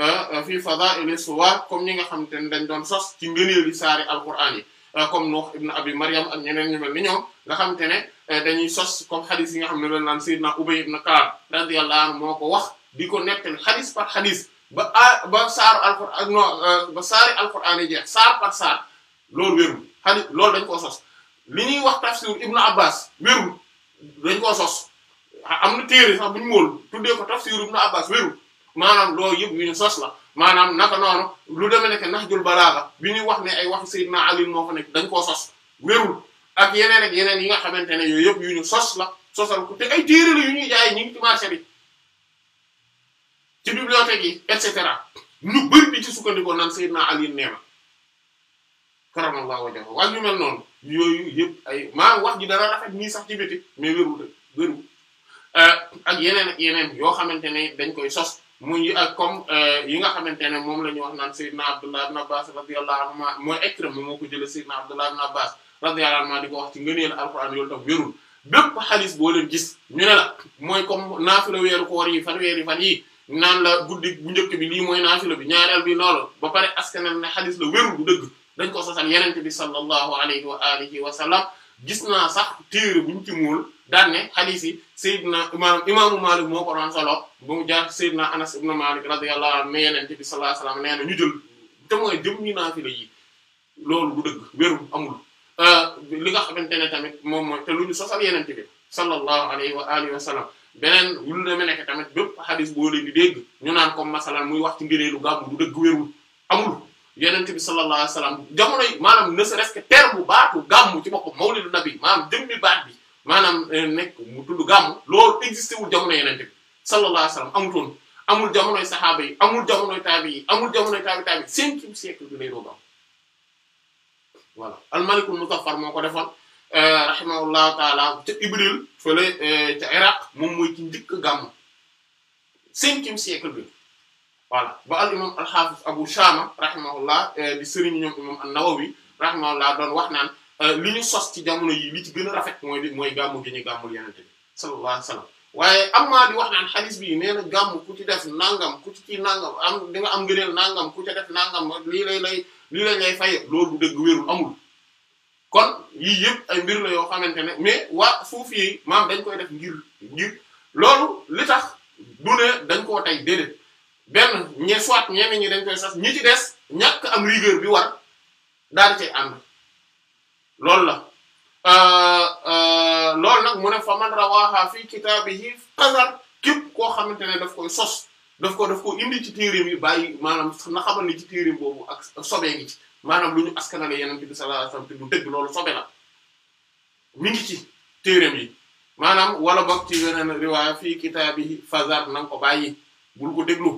fi fii fadaa'il suwar comme ñi nga xamante ne dañ doon sos ci ngëneelu saari alquran yi comme Nuux ibn Abi Maryam a ñeneen ñu mel ni ñoom nga xamante ne eh, dañuy sos comme xadis yi nga xam ne dañ naan na Ubay ibn Ka'b radiyallahu anhu moo ko wax di ko nettali xadis par xadis. ba a ba saaru alxuraan non euh, ba saari alxuraan yi jeex saar par saar loolu wérul xadis loolu dañ koo sos li ñuy wax tafsir ibnu abbas dañ koo sos am na téere bu ñu móol tuddee ko tafsir ibnu abbas wérul maanaam loolu yëpp yu ñu sos la maanaam naka noonu lu demee nekk nahjul balaaga bi ñuy wax ne ay wax sayyidina ali moo fa nekk dañ koo sos wérul ak yeneen ak yeneen yi nga xamante ne yooyu yëpp yu ñu sos la sosal ko te ay téere la yu ñuy jaay ñi ngi ci bi ci bibliothèque yi et cetera lu bëri di ci sukkandikoo naan Seydina Ali nee na karamallahu wajhahu wala ñu mel noonu yooyu yëpp ji dara rafet nii sax ci biti mais wérul wérul euh, ak yeneen ak yeneen yoo xamante ne dañ koy sos mu ak comme euh, yi nga xamante ne moom lañu wax naan Seydina Abdullah ibn Abbas radiyallahu anhuma mooy Ikram moo ko jëlee Seydina Abdullah ibn Abbas radiyallahu anhuma di ko wax ci ngëneel alquran yoolu la mooy comme naafila yi naan la guddi bu njëkk bi lii mooy naafila bi ñaareel bi noonu ba pare askanam ne xadis la wérul bu dëgg dañ ko sosal yeneen bi sallallahu alayhi wa alihi wa sallam gis naa sax téere buñ ci muul daan ne xadis yi Seydina imaam imaamu Maalik moo ko doon solo ba mu jaar Seydina Anas ibn Maalik radiyallahu anhu mais yeneen bi sallallahu na ñu jël te mooy jëm ñu naafila yi bu dëgg wérul euh, li nga xamante ne tamit moom mooy te lu ñu sosal yeneen bi sallallahu alihi wa sallam beneen lu demee nekk tamit bépp xadis boo leen di dégg ñu naan comme masalaan muy wax ci ngëneelu gàmmu du dëgg wérul amul yenen bi sallallahu alayhi wasallam jamono yi maanaam ne serait-ce que terme baatu gàmmu ci boppam mawlidu nabi maanaam jëmmi baat bi maanaam eh, nekk mu tudd gàmmu loolu existé wul jamono yenent bi sallallahu alayhi wasallam amutoon amul jamonoy saxaaba yi amul jamonoy taabi amul jamonoy taabi taabi cinquième siècle bi lay doog am voilà al malikul moo ko defoon Euh, rahimahullahu taala ca Ibril fële euh, ca Iraq moom mooy ci njëkk gàmmu cinquième siècle bi voilà ba al imam al-Hafiz Abu Shama rahimahullah euh, di sëriñ ñoom imam an-Nawawi rahimahullah doon wax naan li ñu sos ci jamono yi li ci gën a rafet mooy gàmmu gi ñu gàmmul Yonent bi sallallahu alayhi wasallam waaye amaa di wax naan xadis bi nee na ku ci def nangam ku ci nangam am di nga am gëneel nangam ku ci def nangam lii lay lay lii lay lay fay loolu dëgg wérul amul kon yii yëpp ay mbir la yoo xamante ne mais waa suuf yi maam dañ koy def ngir ngir loolu li tax du ne dañ koo tey déedéet benn ñe soit ñi dañ koy sas ñi ci des ñàkk am rigueur bi war daal di cay ànd loolu la. Euh, euh, loolu nag mu ne fa man rawaha fi kitaabihi qazar képp koo xamante ne daf koy sos daf ko daf ko indi ci téereem yi bàyyi maanaam na xamal ni ci téereem boobu ak sobee ngi maanaam lu ñu askanale yeneen bi sallallahu alayhi wasallam te du dëgg loolu sobe la mi ngi maanaam wala boog ci yeneen riwaaya fii kitaabihi fazar na nga ko bàyyi bul ko déglu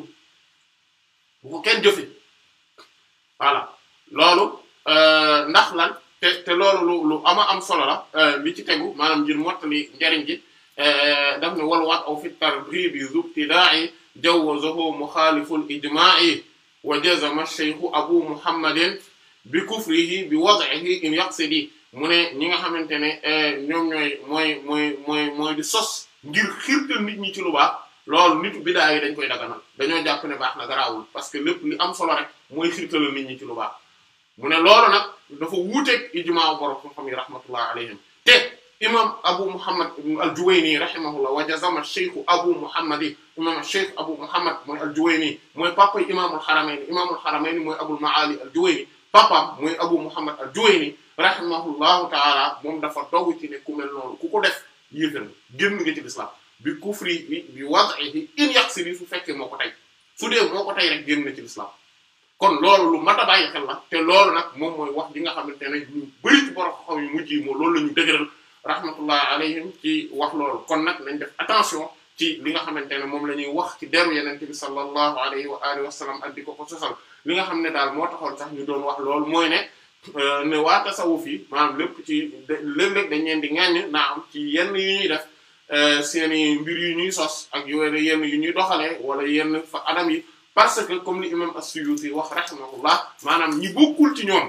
bu ko kenn jëfe voilà loolu euh, ndax lan te te loolu lu ama am solo la euh, li ci tegu maanaam ngir mottali njariñ gi euh, daf ne wal wat aw fi targhibi zubtida'i jawwazahu muxaaliful ijma'i wa jazama abu muhammadin bi kufrihi bi wad'ihi in yaqsidi mu ne ñi nga xamante ne eh, ñoom ñooy mooy mooy mooy mooy di sos ngir xirtal nit ñi ci lu baax loolu nitu bidaa yi dañ koy daganal dañoo jàpp ne baax na garaawul parce que lépp li am solo rek mooy xirtal nit ñi ci lu mu ne loolu nag dafa wuuteeg ijmaa borom xam-xam yi rahmatullah alayhim te imam Abu Muhammad al-Juwayni rahimahullah wa jazama Cheikh Abu Muhammad yi imam Cheikh Abu Muhammad mooy al-Juwayni mooy papa imaamul Haramayni imaamul Haramayni mooy Abul Maali al-Juwayni papaam muy Abu Muhammad al-Juwayni rahimahullahu taala moom dafa dogu ci ne ku mel noonu ku ko def yéefar génn nga ci lislaam bi kufri bi bi wad'ihi in yaqsiri su fekkee moo ko tey su dee moo ko tey rek génn na ci lislaam kon loolu lu mat a bàyyi xel la te loolu nag moom mooy wax li nga xamante ne ñu bari ci borom xaw yu mujj yi moo loolu la ñu dëgëral rahmatullahi alayhim ci wax loolu kon nag nañ def attention ci li nga xamante ne moom la ñuy wax ci deru yenente bi sallallahu alayhi wa alihi wa sallam di ko ko sosal li nga xam ne daal moo taxoon sax ñu doon wax loolu mooy ne euh, ne waa tasawuf yi maanaam lépp ci léeg-léeg dañ leen di ŋaññ naa am ci yenn yu ñuy def euh, seeni mbir yu ñuy sos ak yooyu yenn yu ñuy doxalee wala yenn fa anam yi parce que comme li imam as-Suyuti wax baax maanaam ñi bokkul ci ñoom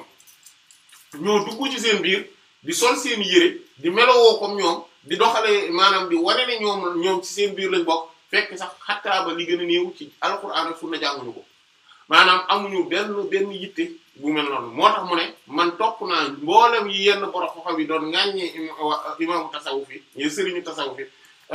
ñoo dugg ci seen biir di sol seen yére di melowoo comme ñoom di doxalee maanaam di wane ne ñoom ñoom ci seen biir lañ bokk fekk sax xattaa ba li gën a néew ci alquran ak sunna jànguñu ko maanaam amuñu benn benn yitte bu mel noonu moo tax mu ne man topp naa mboolem yi yenn borom xam-xam yi doon ŋàññee imaamu tasawuf yi ñi sëriñu tasawuf yi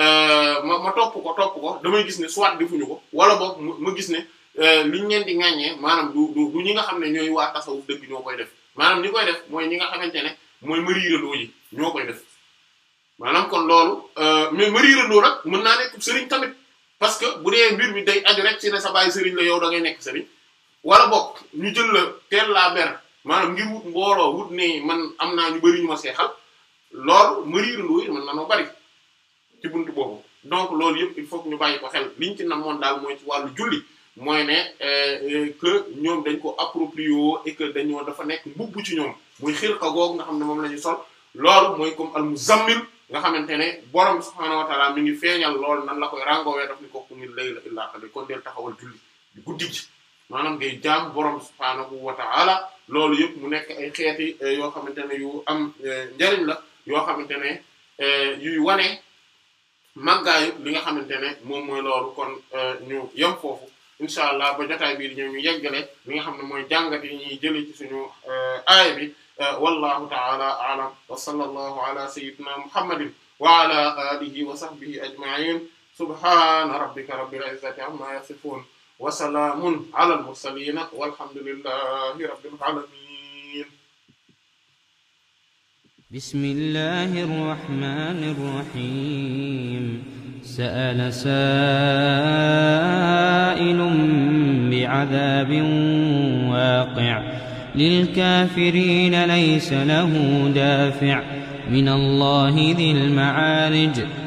euh, ma ma topp ko topp ko damay gis ne soit defuñu ko wala boog ma gis ne euh, liñ leen di ŋàññee maanaam du du ñi nga xam ne ñooy waa tasawuf dëgg ñoo koy def maanaam ñi koy def mooy ñi nga xamante ne mooy mariirandoo yi ñoo koy def maanaam kon loolu euh, mais mariirandoo nag mën naa nekk sëriñ tamit parce que bu dee mbir mi day aju rek ci ne sa baay sëriñ la yow da ngay nekk sëriñ wala bokk ñu jël la teel laa ber maanaam ngir wut mbooloo wut ne man am naa ñu bari ñu ma seexal loolu mariir ndooyu man nanoo bari ci bunt boobu donc loolu yëpp il faut ñu bàyyi ko xel liñ ci namoon daal mooy ci wàllu julli mooy ne euh, euh, que ñoom dañ ko approprié et que dañoo dafa nekk mbubb ci ñoom muy xirqa googu nga xam ne moom la ñu sol lool mooy comme al muzammil nga xamante ne borom subhaanahu wa ta'ala mi ngi feeñal lool nan la koy rangoowee daf ni ko ku ngir lay del taxawal julli guddi gi maanaam ngay jaam borom subhaanahu wa ta'ala loolu yëpp mu nekk ay xeeti eh, yoo xamante ne yu am eh, njariñ la yoo xamante ne eh, yuy wane màggaayu li nga xamante ne moom mooy loolu kon ñu yem foofu incha allah ba jotaay bii di ñëw ñu yeggale li nga xam ne mooy jàngat yi ñuy jëlee suñu aaya bi wallahu ta'ala a'lam wa sallallahu ala sayyidina muhammadin wa ala alihi wa sahbihi ajma'in subhana rabbika rabbil izzati amma yasifun wa salaamun alal mursaliin walhamdulillahi rabbil aalamiin bismillahir rahmaanir rahiim sa'ala saa'ilun bi'adaabin waaqi' lil kaafiriina laysa lahu daafi' min Allahi dhil ma'aarij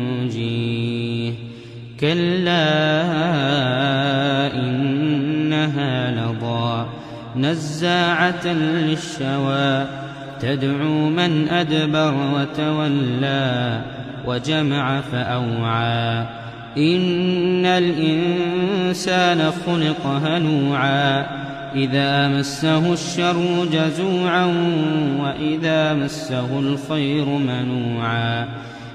كلا إنها لضا نزاعة للشوى تدعو من أدبر وتولى وجمع فأوعى إن الإنسان خلق هلوعا إذا مسه الشر جزوعا وإذا مسه الخير منوعا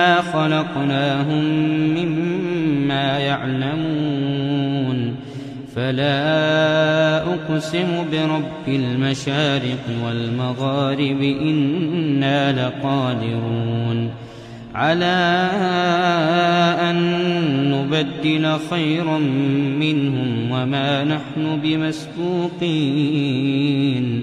إنا خلقناهم مما يعلمون فلا أقسم برب المشارق والمغارب إنا لقادرون على أن نبدل خيرا منهم وما نحن بمسبوقين